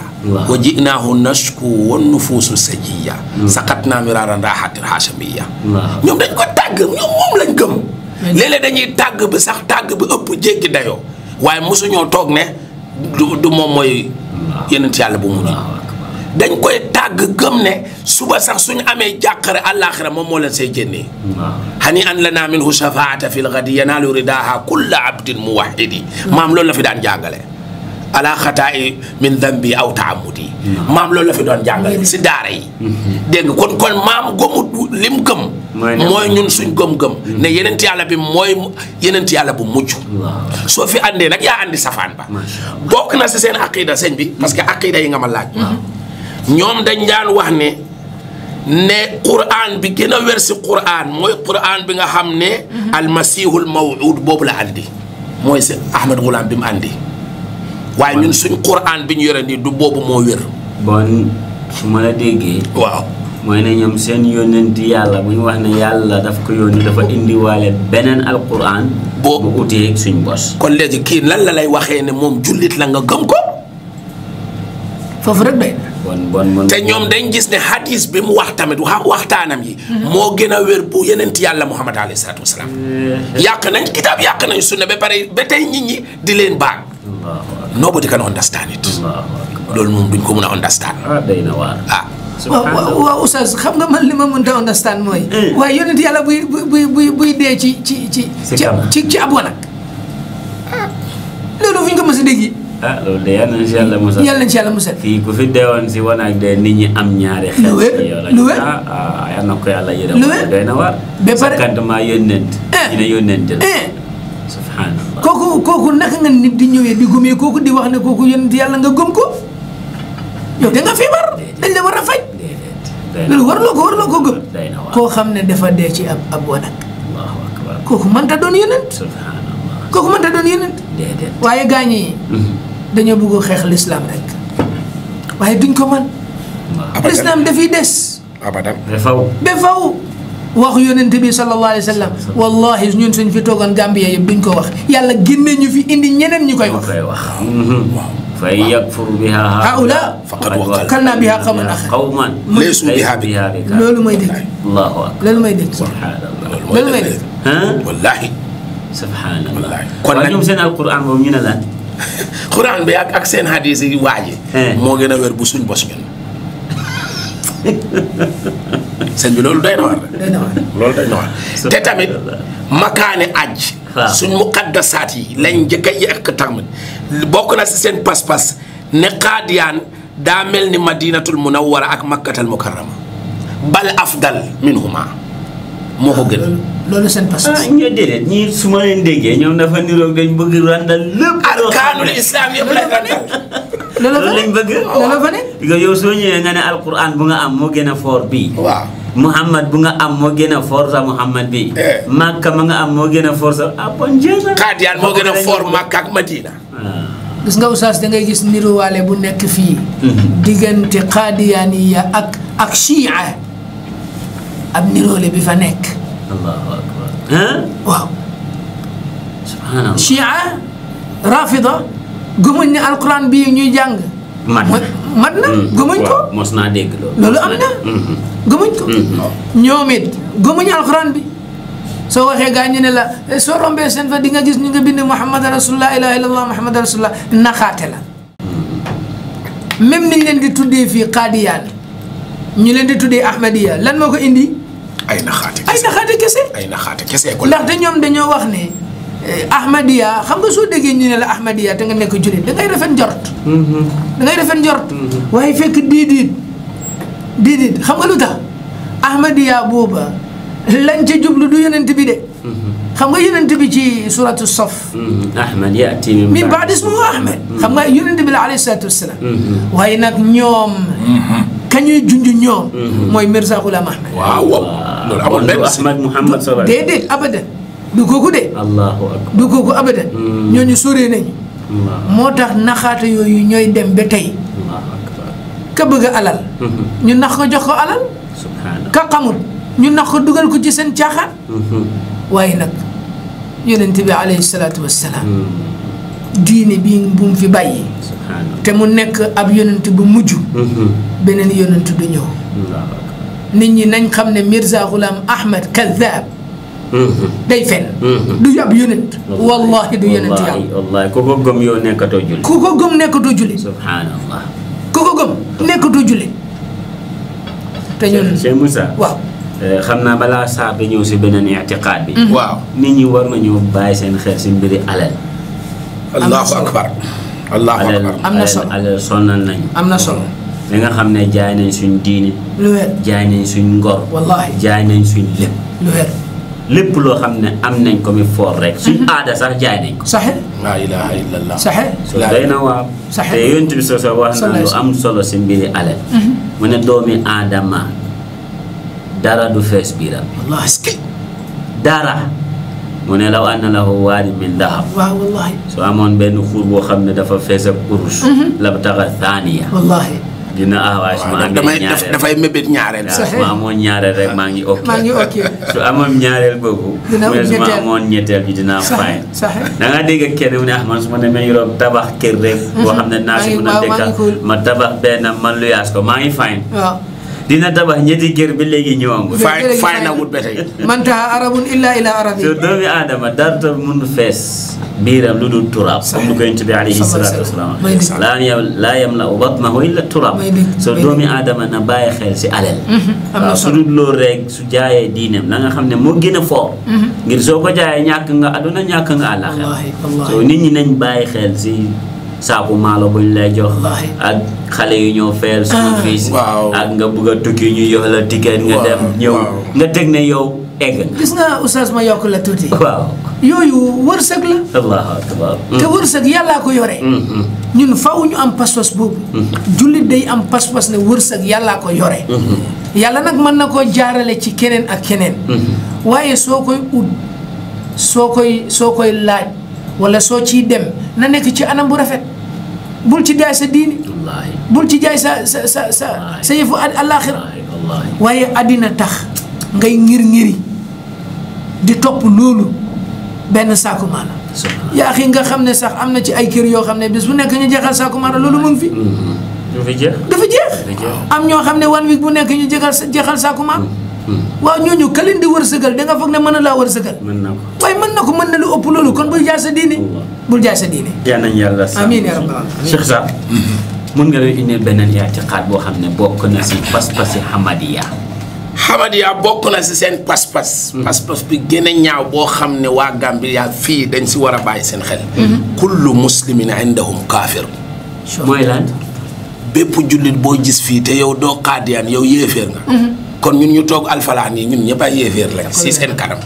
wa jinaahu nashku wa nufuusu sajiya saqat naa miraaran raaxatin haashamiya ñoom ko tàgg ñoom moom lañ tàgg bi sax tàgg bi ëpp jéggi dayoo waaye mosuñoo toog ne du du moom mooy yeneen yàlla bu mujj dañ koy tàgg gëm ne suba sax suñu amee jàqare àllaaxira moom moo leen say génnee hani an lana minhu shafaata fil ghadi yanaalu ridaaha kulla abdin muwahidi maam loolu la fi daan jàngale ala xataay min dambi aw taamudi maam loolu la fi doon jàngale si daara yi mm-hmm. dégg kon kon maam gëmut lim gëm mooy ñun suñ gëm-gëm mm-hmm. ne yeneen yàlla bi mooy yeneen yàlla bu mujj soo fi àndee nag yaa àndi safaan ba bokk na si seen aqida sëñ bi parce que aqida yi nga ma laaj mm-hmm. ñoom dañ daan wax ne ne qur'an bi gën a wér si qur'an mooy qur'an bi nga xam ne. Mhm. almasihul mawud boobu la andi. mooy si Ahmed Goulam bi mu andi. waaye ñun bi ñu yore nii du boobu moo wér. bon su ma la déggee. waaw. mooy ne ñoom seen yónnenti yàlla bu ñu wax ne yàlla daf ko yónni dafa indiwaale beneen alquran. boo bu utee suñ bos. kon léegi kii lan la lay waxee ne moom jullit la nga gëm ko. te ñoom dañ gis ne hadis bi mu wax tamit wax waxtaanam yi. moo gën a wér bu yeneen ti yàlla Muhammad alayhi salaatu wa salaam. Eh, eh. yàq nañ kitaab yàq nañ sunna ba pare ba tey nit ñi di leen baag. nobody can understand it. loolu moom duñ ko mën a understand. ah. ah. waaw waaw oustaz xam nga man li ma mënta understand mooy. Eh. waaye yonent yàlla buy buy buy buy dee ci ci ci. ci ci ab wanag. loolu fu ñu ko mos a dégg ah loolu de ci ci ku fi si wanaag de nit ñi am ñaari xel lu wér ah yàlla na ko yàlla yërëm doy na waar pare ne la eh. eh. subhanallah kooku kooku naka nga nit di ñëwee di gumee kooku di wax ne kooku yónnent yàlla nga gëm ko yow da nga feebar dañ la war a faj loolu warloo ko warloo ko gëm koo xam ne dafa ci ab ab dañu bëgg xex l'islam rek waye duñ ko man l'islam dafiy dess abadam defaw defaw wax yonent bi sallallahu alayhi wasallam wallahi ñun suñ fi togon gambia yeb duñ ko wax yalla gënne ñu fi indi ñeneen ñukoy wax فيكفر بها هؤلاء فقد وكلنا بها قوما اخر قوما ليسوا بها بكافرين لولو ما يدك الله اكبر لولو ما يدك سبحان الله لولو ما يدك ها والله سبحان الله كنا يوم سنه القران ومن الان xuraan bi ak seen hadis yi waaji eh. moo gën a wér bu suñ bos ñun. sëñ bi loolu doy loolu doy na war te tamit makaane ajj suñ muqaddasaat yi lañ njëkk a yekk tamit bokk na si seen pas-pas ne xaadiyaan daa mel ni madinatul munawwara ak makkatal mukarrama bal afdal minhuma moo ko gën ah, loolu seen pas ah ñoo déedéet ñii su leen déggee yang dafa niroog dañ bëgg randal islam yëpp lay randal loolu lañ bëgg loolu fa ne yow soo ñëwee nga ne alquran bu nga am waaw Muhammad bu nga am mo gën a Muhammad bi Makka ma nga am mo gën a apon jéena Kadian mo gën for Makka ak Madina gis ah. nga oustaz da ngay gis walé bu nekk fi hmm. diggante qadiyani ya ak ak Shia ab le bi fa nekk Allah Akbar. Hah? Wow. Subhanallah. Syiah Rafidah, gëmuñ Al Quran bi ñuy jang. Madna mat na gëmuñ ko Lalu naa dégg loolu loolu am ko bi So waxee gaa ñu ne la eh, so rombee sen fa di nga gis ñu nga bind muhammad rasulullah ilaha illallah muhammad rasulullah na khatela. Hmm. même ni leen di tuddee fi qadiyaan ñu leen di tuddee Ahmadiyya lan moko indi ay naxaate kese ay naxaate kese. ay naxaate kese ndax de ñoom dañoo wax ne. Eh, Ahmadiya xam nga soo déggee ñu ne la Ahmadiya te nga nekk jullit da ngay rafet njort. Mm-hmm. da ngay rafet njort. Mm-hmm. waaye fekk diidit diidit xam nga lu tax Ahmadiya booba lañ ca jublu du yonent bi de. Mm-hmm. xam nga yonent bi ci suratu Saf. Ahmad yaati min baad ismuhu Ahmad. xam nga yonent bi la alayhi salaatu wasalaam. waaye nag ñoom. kañuy junj ñoom. mooy Mirza Ghulam Ahmad. loolu amul benn si Ahmad Muhammad Salah déedéet du kooku de. allahu akbar du kooku abadan. Hmm. ñooñu sore nañu. moo tax naxaata yooyu ñooy dem ba tey. ka bëgg alal. Hmm. ñu nax ko jox ko alal. ka xamul ñu nax ko dugal ko ci seen caaxaan. Hmm. waaye nag yonent bi alayhi salaatu wassalaam diine bi bu fi bàyyi. te mu nekk ab yonent bu mujj. beneen yonent du ñëw. نيني نان خامن ان غلام احمد ان داي فن ان ياب يونت ان دو يونت ان والله كوكو ان يو نيكاتو ان كوكو گوم ان جولي سبحان ان كوكو گوم ان جولي تا ان سي موسى ان خمنا بلا سا بي نيو سي بنن اعتقاد li nga xam ne jaay nañ suñ diini. lu wér jaay nañ suñ ngor. wallaahi jaay nañ suñ lépp. lu wér lépp loo xam ne am nañ ko mi foor rek. suñ mhm. aada sax jaay nañ ko. saxe. laa ilaaha illallah. saxe day na waaw. saxe te yonent bi soo wax na lu am solo si mbiri alal. Mhm. mu ne doomi aadama dara du fees biiram. wallaahi ski. dara. mu ne law anna lahu waari min dahab. waaw wallaahi. soo amoon benn xuur boo xam ne dafa fees ak urus. Mhm. la tax a thaniya. wallaahi. dina ah waaye su ma amee ñaareel dafay mébét ñaareel. su ma amoon ñaareel rek maa ngi ok. su amoon ñaareel boobu. dina am ñetteel su ma amoon ñetteel bi dina fine da ngaa dégg kenn mu ne ah man su ma demee Europe tabax kër rek. boo mhm. xam ne naa si mën a dëkka ma tabax benn man luyaas ko maa ngi fine. dina tabax ñetti kër bi léegi ñëwagul. fay fay na wut ba tey. man taa illa ila arabi. so doomi aadama dara mun fees. biiram lu dul turaab. comme lu ko yonent bi alayhi salaatu so doomi aadama na bàyyi xeel si alal. Mhm, su dul loolu rek su jaayee diineem na nga xam ne moo gën a fort. Mhm. ngir soo ko jaayee ñàkk nga aduna ñàkk nga àllaxira. so nit ñi nañ bàyyi xel si. saabu maalo buñ lay jox ak xale yu ñoo fayal school ah. fees ak nga bugg a tukki ñu jox la ticket nga dem ñëw nga teg ne yow egg gis nga oustaz ma yokk la tuuti waaw yooyu wërsëg la allahu akbar mm. te wërsëg yàllaa ko yore mm, mm. ñun faw ñu am pas-pas boobu jullit day am pas-pas ne wërsëg yàllaa ko yore yàlla nag mën na koo jaarale ci keneen ak keneen waaye soo koy ut soo koy soo koy laaj wala soo ciy dem na nekk ci anam bu rafet bul ci jaay sa diini bul ci jaay sa sa sa sa sa yëfu àllaaxira waaye àddina tax ngay ngir ngiri di topp loolu benn saaku maana yaa xi nga xam ne sax am na ci ay kër yoo xam ne bis bu nekk ñu jeexal saaku maana loolu mu ngi fi mm-hmm. dafa jeex am ñoo xam ne wan week bu nekk ñu jeexal jeexal saaku Hmm. wa ñooñu ka leen di wërsegal da nga foog ne mën na laa wërsëgal waaye mën ko mëna lu upp lolu kon bu jaay sa diine bul jaay sa diine yaa nañ amin ya rabbal cheikh sa hmm. mën nga lay indi benen ya ci xaar bo xam bokk na ci pas passi hamadiya hamadiya bokk na ci sen pas-pas hmm. pas-pas bi gën ñaaw bo xam wa gambia gambiya dañ ci wara bay sen xel kullu muslimin indahum kafir moy lan bepp julit boo gis fi te yow do qadian yow yéeféer nga kon ñun ñu toog alfalaan nii ñun ñëpp ay yéeféer lañ si seen kanam.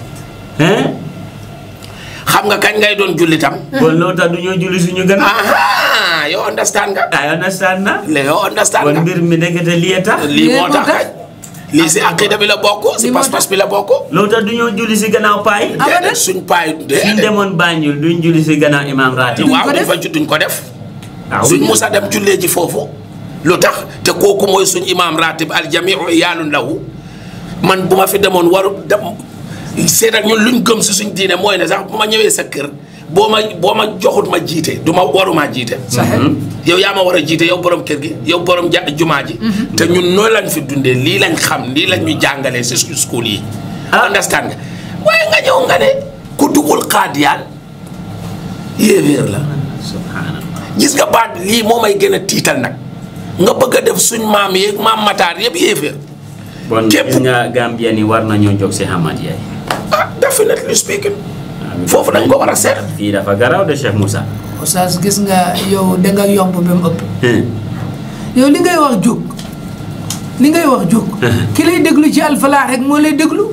xam nga kañ ngay doon jullitam. kon hmm. loolu tax du ñoo julli suñu gën. yow understand ah, ah, yow understand nga kon ah, mbir mi nekkete lii tax. si la bokk si la bokk. loolu tax du ñoo julli si gannaaw paay. déedéet suñ paay déedéet demoon Banjul duñ julli si gannaaw imam ratib. duñ ko def waaw duñ fa ko def. suñ Musa dem jullee ji foofu. lu tax te kooku mooy suñ imaam al aljamiu iyaalun lahu man bu ma fi demoon waru dem seet ak ñun luñ gëm si suñ diine mooy ne sax bu ma ñëwee sa kër boo ma boo ma joxut ma jiite du ma warumaa jiite mm-hmm. yow yaa ma war a jiite yow borom kër gi yow borom ja jumaa ji mm-hmm. te ñun noonu lañ fi dundee lii lañ xam lii lañ ñu jàngalee si school yi ah. understand nga waaye gis nga baat lii moo may gën a tiital nag nga bëgg def suñ yi ak mam matar yeb yefe bon képp nga gambia ni war nañoo jox si xamaat yaay ah definitely speaking fofu dañ ko wara sét fi dafa garaw de cheikh moussa oustaz gis nga yow de nga yomb ba mu ëpp yow li ngay wax juk li ngay wax juk ki lay déglu ci alfalaa rek mo lay déglu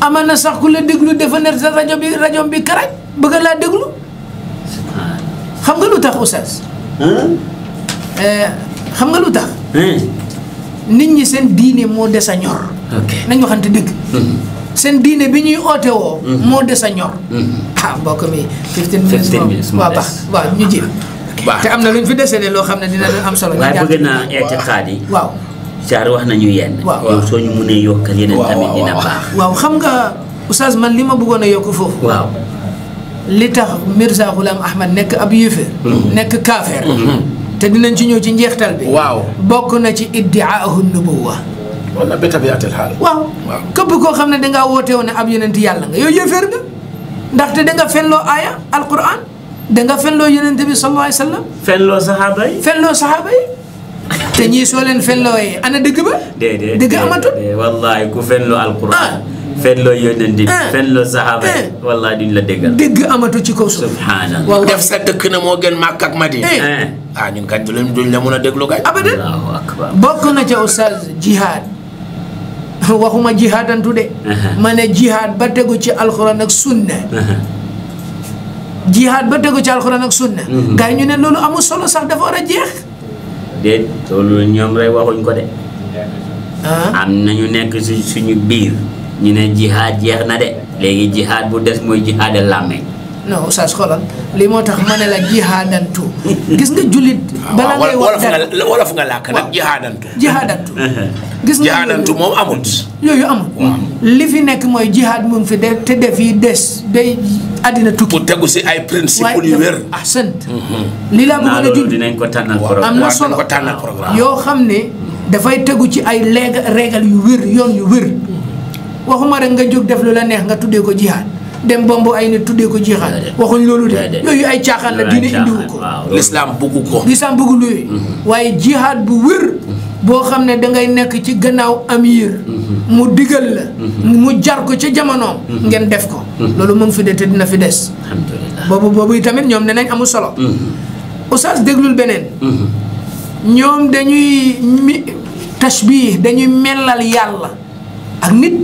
amana sax ku la déglu defa ner sa bi radio bi karaj bëgg la déglu xam nga lu tax oustaz xam nga lu tax. Hmm. nit ñi seen diine moo des a ñor. nañ waxante dëgg. Hmm. seen diine bi ñuy oote woo. Hmm. moo des a ñor. ah mbokk mi. 15 minutes moom waaw baax ñu ji. te am na lu ñu fi dese de loo xam ne dina doon am solo. waaye bëgg naa etiqaad yi. waaw Sarr wax nañu yenn. waaw soo ñu mënee tamit dina baax. waaw xam nga oustaz man li ma bëggoon a yokk foofu. waaw li tax Mirza Ghulam Ahmad nekk ab yëfër. nekk kaafeer. te dinañ ci ñëw ci njeextal bi. waaw bokk na ci iddiaahu nubuwa. wala bi tabiatil xaal. waaw képp koo xam ne dangaa wootee woon ne ab yonent yàlla nga yow yëfër nga ndaxte danga fenloo aaya alquran danga fenloo yonent bi sallallahu alayhi wa sallam. fenloo saxaaba yi. fenloo saxaaba yi. te ñii soo leen fenloo ana dëgg ba. déedéet dëgg amatul. wallaay ku fenloo alquran. Ah. fen loo eh. yónnent bi eh. fen loo saxaaba eh. duñ la déggal dégg amatu ci kaw suuf subhanallah def sa dëkk na moo gën màkk ak madina ah ñun kat duñ a déglu kay bokk na ca oustaz waxuma jihaadantu ma ne jihaad ba tegu ci alxuraan ak sunna jihaad ba tegu ci alxuraan ak sunna mm-hmm. gars ñu ne loolu amul solo sax dafa war a jeex déet loolu ñoom rek waxuñ ko de ah. am nañu nekk si suñu biir ñu ne jihaad jeex na de léegi jihaad bu des mooy jihaadal làmmeñ non oustaz xoolal lii moo tax ma ne la jihaadantu gis nga jullit. bala ah, ngay wax dara wolof nga làkk nag jihaadantu. jihaadantu. gis nga jihaadantu moom amut. yooyu amut. li fi nekk mooy jihaad mu ngi fi te def yi des day addina tukki. bu tegu si ay principe yu wér. ah sant. Mhm. lii laa bëggoon a judd dinañ ko tànnal programme am na solo yoo xam ne dafay tegu ci ay léeg régal yu wér yoon yu wér. waxuma rek nga jóg def lu la neex nga tuddee ko jihaad dem bomb ay nit tuddee ko jihaad waxuñ loolu de yooyu ay caaxaan la diine indiwu ko lislaam buggu ko lislaam buggu luy mhm. waaye jihaad bu wér boo xam ne dangay nekk ci gannaaw amir mhm. mu digal la mhm. mu jar ko ca jamonoom ngeen def ko loolu mu fi de te dina fi des bobu boobu tamit ñoom ne nañ amul solo oustaz déglul beneen ñoom dañuy mi tashbih dañuy melal yàlla ak nit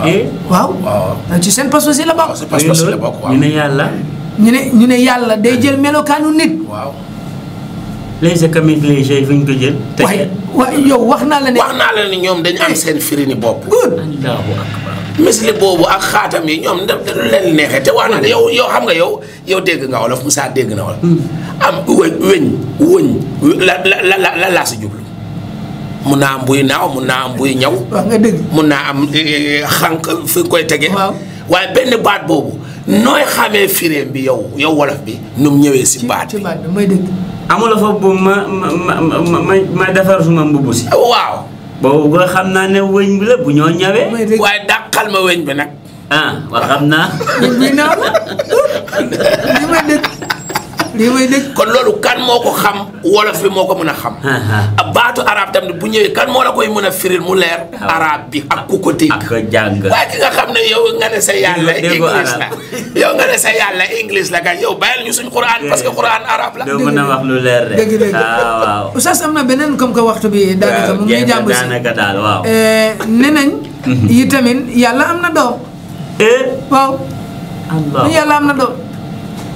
Eh? Eh? waaw waaw ah, ci seen pas-pas yi la bokk. seen pas-pas la ñu ne yàlla. ñu ne ñu ne yàlla day jël melokaanu nit. waaw. les écamines les jeux yi ñu ko jël. te yow wax naa la ne. wax naa la ne ñoom dañu am eh. seen firini bopp. good. misli boobu ak xaatam yi ñoom da lu leen neexee te wax na yow yow xam nga yow yow dégg nga wolof Moussa dégg na wolof. Hmm. am wëñ wëñ wëñ la la la la laa si jublu. mun naa am buy naaw mun naa am buy ñaw. wax nga dëgg mun naa am eh, eh, xànq fi koy tege. waaye benn baat boobu nooy xamee firéem bi yow yow wolof bi. num mu ñëwee si baat bi ci foofu ma ma ma ma defar suma mbubb si. waaw. boobu nga xam naa ne wëñ bi la bu ñoo ñawee. waaye dàqal ma wëñ bi nag. ah waaw xam naa. wëñ naaw la. li may dëgg. kon loolu kan moo ko xam wolof bi moo ko mën a xam. baatu arab tamit bu ñëwee kan moo la koy mën a firil mu leer. Ah. arab bi ak ku ko dégg. ak jàng waaye ki yow nga ne sa yàlla. english la yow nga ne sa yàlla english la ka ñu suñu quraan parce que quraan arab la. doo mën a wax lu leer de. dëgg dëgg ah, waaw oustaz am na beneen comme que waxtu bi. daanaka mu ngi jàmb si daanaka daal waaw. Eh, nee nañ. yi tamit yàlla am na doom. Eh? waaw. yàlla am na doom.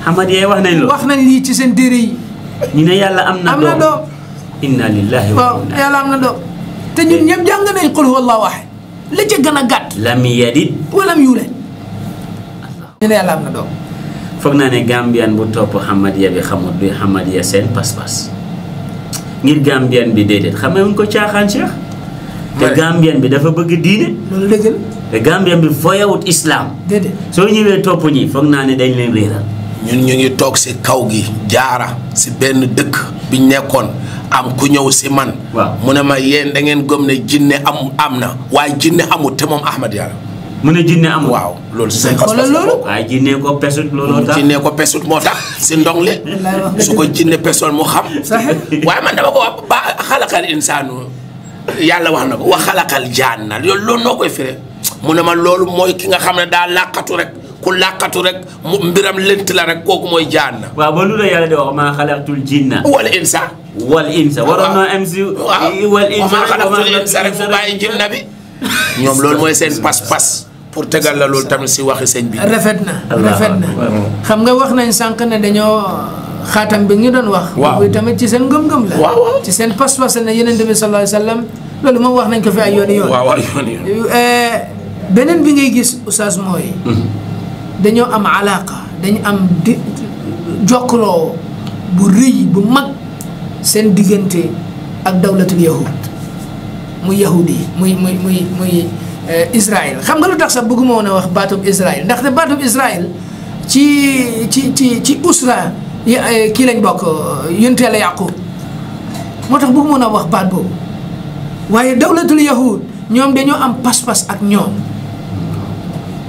xamad yee wax nañ loolu wax nañ lii ci seen dére yi ñu ne yàlla am na doom am na doom inna lillahi waaw am na doom te ñun ñëpp jàng nañ qul huwa allahu la ca gën a gàtt lam yalid walam yuulad ñu yàlla am foog naa ne Gambien bu topp Hamadiya bi xamut bi Hamadiya seen pas-pas ngir Gambien bi déedéet xamewuñ ko caaxaan Cheikh te Gambien bi dafa bëgg diine loolu dëgg la te Gambien bi foyawut islam déedéet soo ñëwee topp ñi foog naa ne dañ leen réeral ñun ñu ngi toog si kaw gi jaara si benn dëkk biñ nekkoon am ku ñëw si man. mu ne ma yéen da ngeen gëm ne jinne am am na waaye jinne amut te moom Ahmad Yàlla. mu ne jinne amul waaw loolu si seen. xoolal loolu ko pesut looloo tax jinne ko pesut moo tax si ndong li su ko jinne pesoon mu xam. waaye man ma ko wax ba xalaqal insaanu yàlla wax na ko wa xalaqal jaan na loolu noo koy firee mu ne ma loolu mooy ki nga xam ne daa làqatu rek. ku làqatu rek mu mbiram lënt la rek kooku mooy jaan na. waaw ba lu la yàlla di wax maa xalaqtul jinna. wal insa. wal insa waroon na am si. waaw wal insa maa xalaqtul insa rek mu bàyyi bi. ñoom loolu mooy seen pas-pas. pour tegal la loolu tamit si waxi sëñ bi. rafet na rafet na. xam nga wax nañ sànq ne dañoo. xaatam bi ñu doon wax. waaw tamit ci seen ngëm waaw ci seen pas-pas na yeneen bi sallallahu alayhi wa loolu moom wax nañ ko fi ay yoon i yoon. Euh, beneen bi ngay gis oustaz mooy. Mm-hmm. dañoo am alaaqa dañu am di jokkaloo bu rëy bu mag seen diggante ak dawlatul yahud muy yahudi yi muy muy muy muy eh, Israël xam nga lu tax sax bëgguma woon a wax baatub Israël ndaxte baatub Israël ci ci ci ci usra eh, kii lañ bokk yunteel a yàqu moo tax bëgguma woon a wax baat boobu waaye dawlatul yahud ñoom dañoo am pas-pas ak ñoom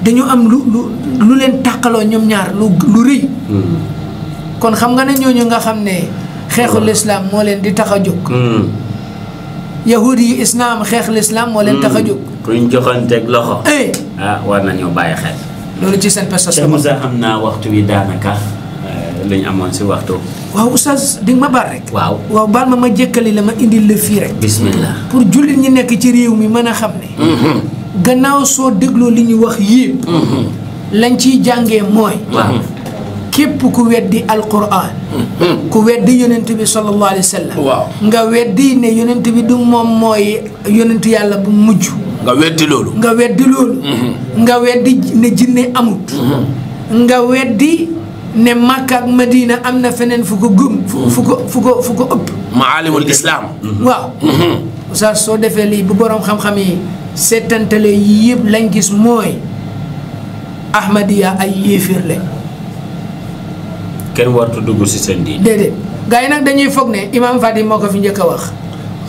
dañu am lu lu lu leen tàqaloo ñoom ñaar lu lu rëy. Hmm. kon xam nga ne ñooñu nga xam ne xeexu hmm. lislaam moo leen di tax a jóg. Hmm. yahudi yi islam xeex lislaam moo leen tax a jóg. kuñ joxanteeg loxo. Eh. ah war nañoo bàyyi xel. loolu ci seen passation. Cheikh Moussa am naa waxtu wi daanaka eh, lañ amoon si waxtu. waaw sa di ma baal rek. waaw waaw baal ma ma jékkali la ma indil la fii rek. pour jullit ñi nekk ci réew mi mën a xam ne. gannaaw soo dégloo li ñuy wax yépp mm-hmm. lañ ciy jàngee mooy mm-hmm. képp ku weddi alquran mm-hmm. ku weddi yonent bi sallallahu alayhi wa sallam nga weddi ne yonent bi du moom mooy yonent yàlla bu mujj nga weddi loolu nga weddi loolu nga weddi ne jinne amut nga weddi ne Makka ak Medina am na feneen fu ko gëm. fu ko fu ko fu ko ëpp. maalimul islam. waaw. saa soo defee lii bu borom xam-xam yi. seetantale yi yëpp lañ gis mooy ahmadiya ay yéeféer kenn wartu dugg si seen diine déedéet gars yi nag dañuy foog ne imaam Fati moo ko fi njëkk a wax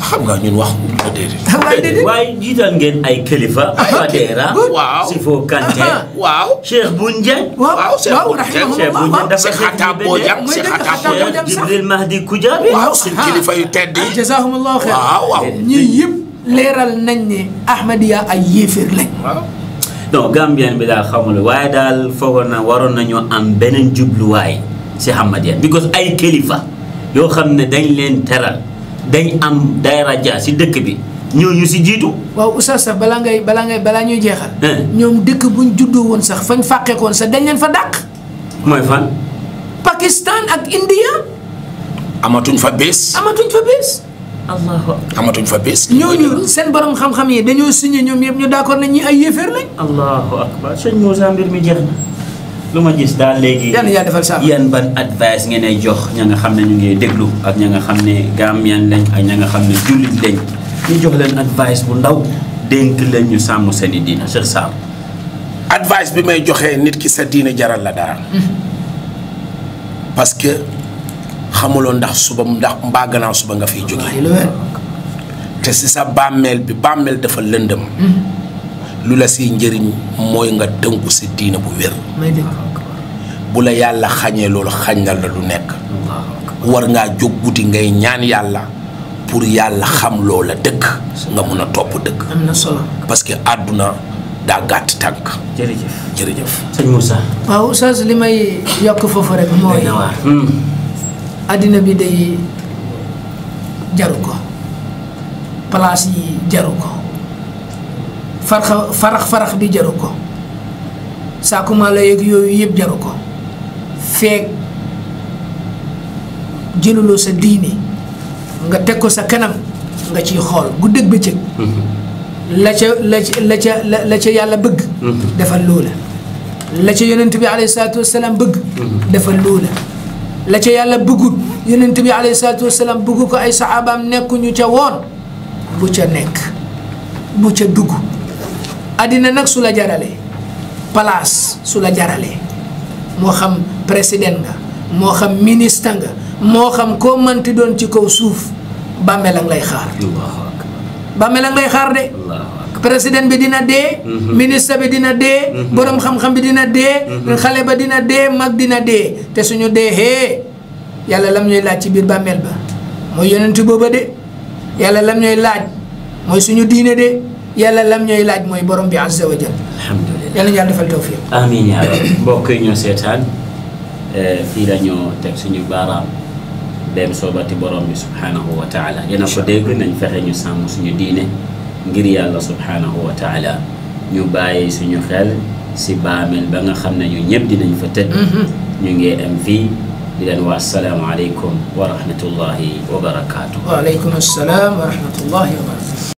xam nga ñun wax déedéet. waaye jiital ngeen ay kilifa. Ah, Fadera. waaw Sifo Kanté. Ah, waaw Cheikh Boundiagne. waaw Cheikh Boundiagne Cheikh Boundiagne dafa Jibril Mahdi Koudia. waaw seen ah. kilifa yu tedd yi. jazakumullahu xeer ñii yëpp. leeral nañ ne Ahmadiyya ay yéeféer lañ. donc Gambien bi daal xamul waaye daal foogoon na waroon nañoo am beneen jubluwaay si Ahmadiyya because ay kilifa yoo xam ne dañ leen teral dañ am daraja si dëkk bi ñooñu si jiitu. waaw oustaz sax balaa ngay balaa ngay balaa ñuy jeexal. Eh. ñoom dëkk buñ juddoo woon sax fañ fàqeekoon sax dañ leen fa dàq. mooy fan. Pakistan ak India. amatuñ fa bés. amatuñ fa bés. allahu akbar amatuñ fa bés. ñooñu seen borom xam-xam yi dañoo signé ñoom yëpp ñu d'accord nañ ñi ay yéeféer lañ. allahu akbar sëñ Moussa mbir mi jeex na. lu ma gis daal léegi. yan yaa defal saa yan ban advice ngeen ay jox ña nga xam ne ñu ngi déglu ak ña nga xam ne Gambien lañ ak ña nga xam ne jullit lañ. ñu jox leen advice bu ndaw. dénk leen ñu sàmm seen i diina Cheikh Sam. advice bi may joxee nit ki sa diina jaral la dara. Mm-hmm. parce xamuloo ndax suba ndax mbaa gannaaw suba nga fiy jógee. te si sa bàmmeel bi bàmmeel dafa lëndëm. lu la si njëriñ mooy nga tënku si diina bu wér. bu la yàlla xañee loolu na la lu nekk. war ngaa jóg guddi ngay ñaan yàlla. pour yàlla xam loola dëkk. nga mun a topp dëkk. am parce que àdduna daa gàtt tànk. àddina bi day jaru ko place yi jaru ko farax farax farax bi jaru ko saakuma la yeeg yooyu yëpp jaru ko feek jëluloo sa diini nga teg ko sa kanam nga ciy xool guddeeg bëccëg mm-hmm. la ca la la ca la ca yàlla bëgg mm-hmm. defal loola la ca yonent bi alayhi salaatu wasalaam bëgg mm-hmm. defal loola la ca yàlla bëggut yonent bi alayhi salaatu wasalaam bëggu ko ay saxaabaam nekkuñu ca woon bu ca nekk bu ca dugg àddina nag su la jaralee palaas su la jaralee moo xam président nga moo xam ministre nga moo xam koo mënti doon ci kaw suuf bàmmeelang lay xaar bàmmeelang lay xaar de président bi dina dee. Mhm. ministre bi dina dee. Mhm. borom xam-xam bi dina dee. Mhm. xale ba dina dee mag dina dee te suñu dee hee yàlla lam ñuy laaj ci biir bàmmeel ba mooy yonent booba de yàlla lam ñooy laaj mooy suñu diine yàlla lam ñuy laaj mooy borom bi azza wa jal. alhamdulilah yàlla yàlla defal tawfiq. amiin yaa rab mbokk yi ñoo seetaan eh, fii la te suñu baaraam. dem soobati borom bi subhanahu wa taala yéen ko dégg nañ fexe ñu sàmm suñu diine. ngir yàlla subhanahu wa taala ñu bàyyi suñu xel si baamel ba nga xam ne ñu ñëpp dinañ fa tëdd ñu ngi am fii di leen wax salaamaaleykum wa rahmatullahi wa barakaatu. waaleykum salaam wa rahmatullahi wa barakaatu.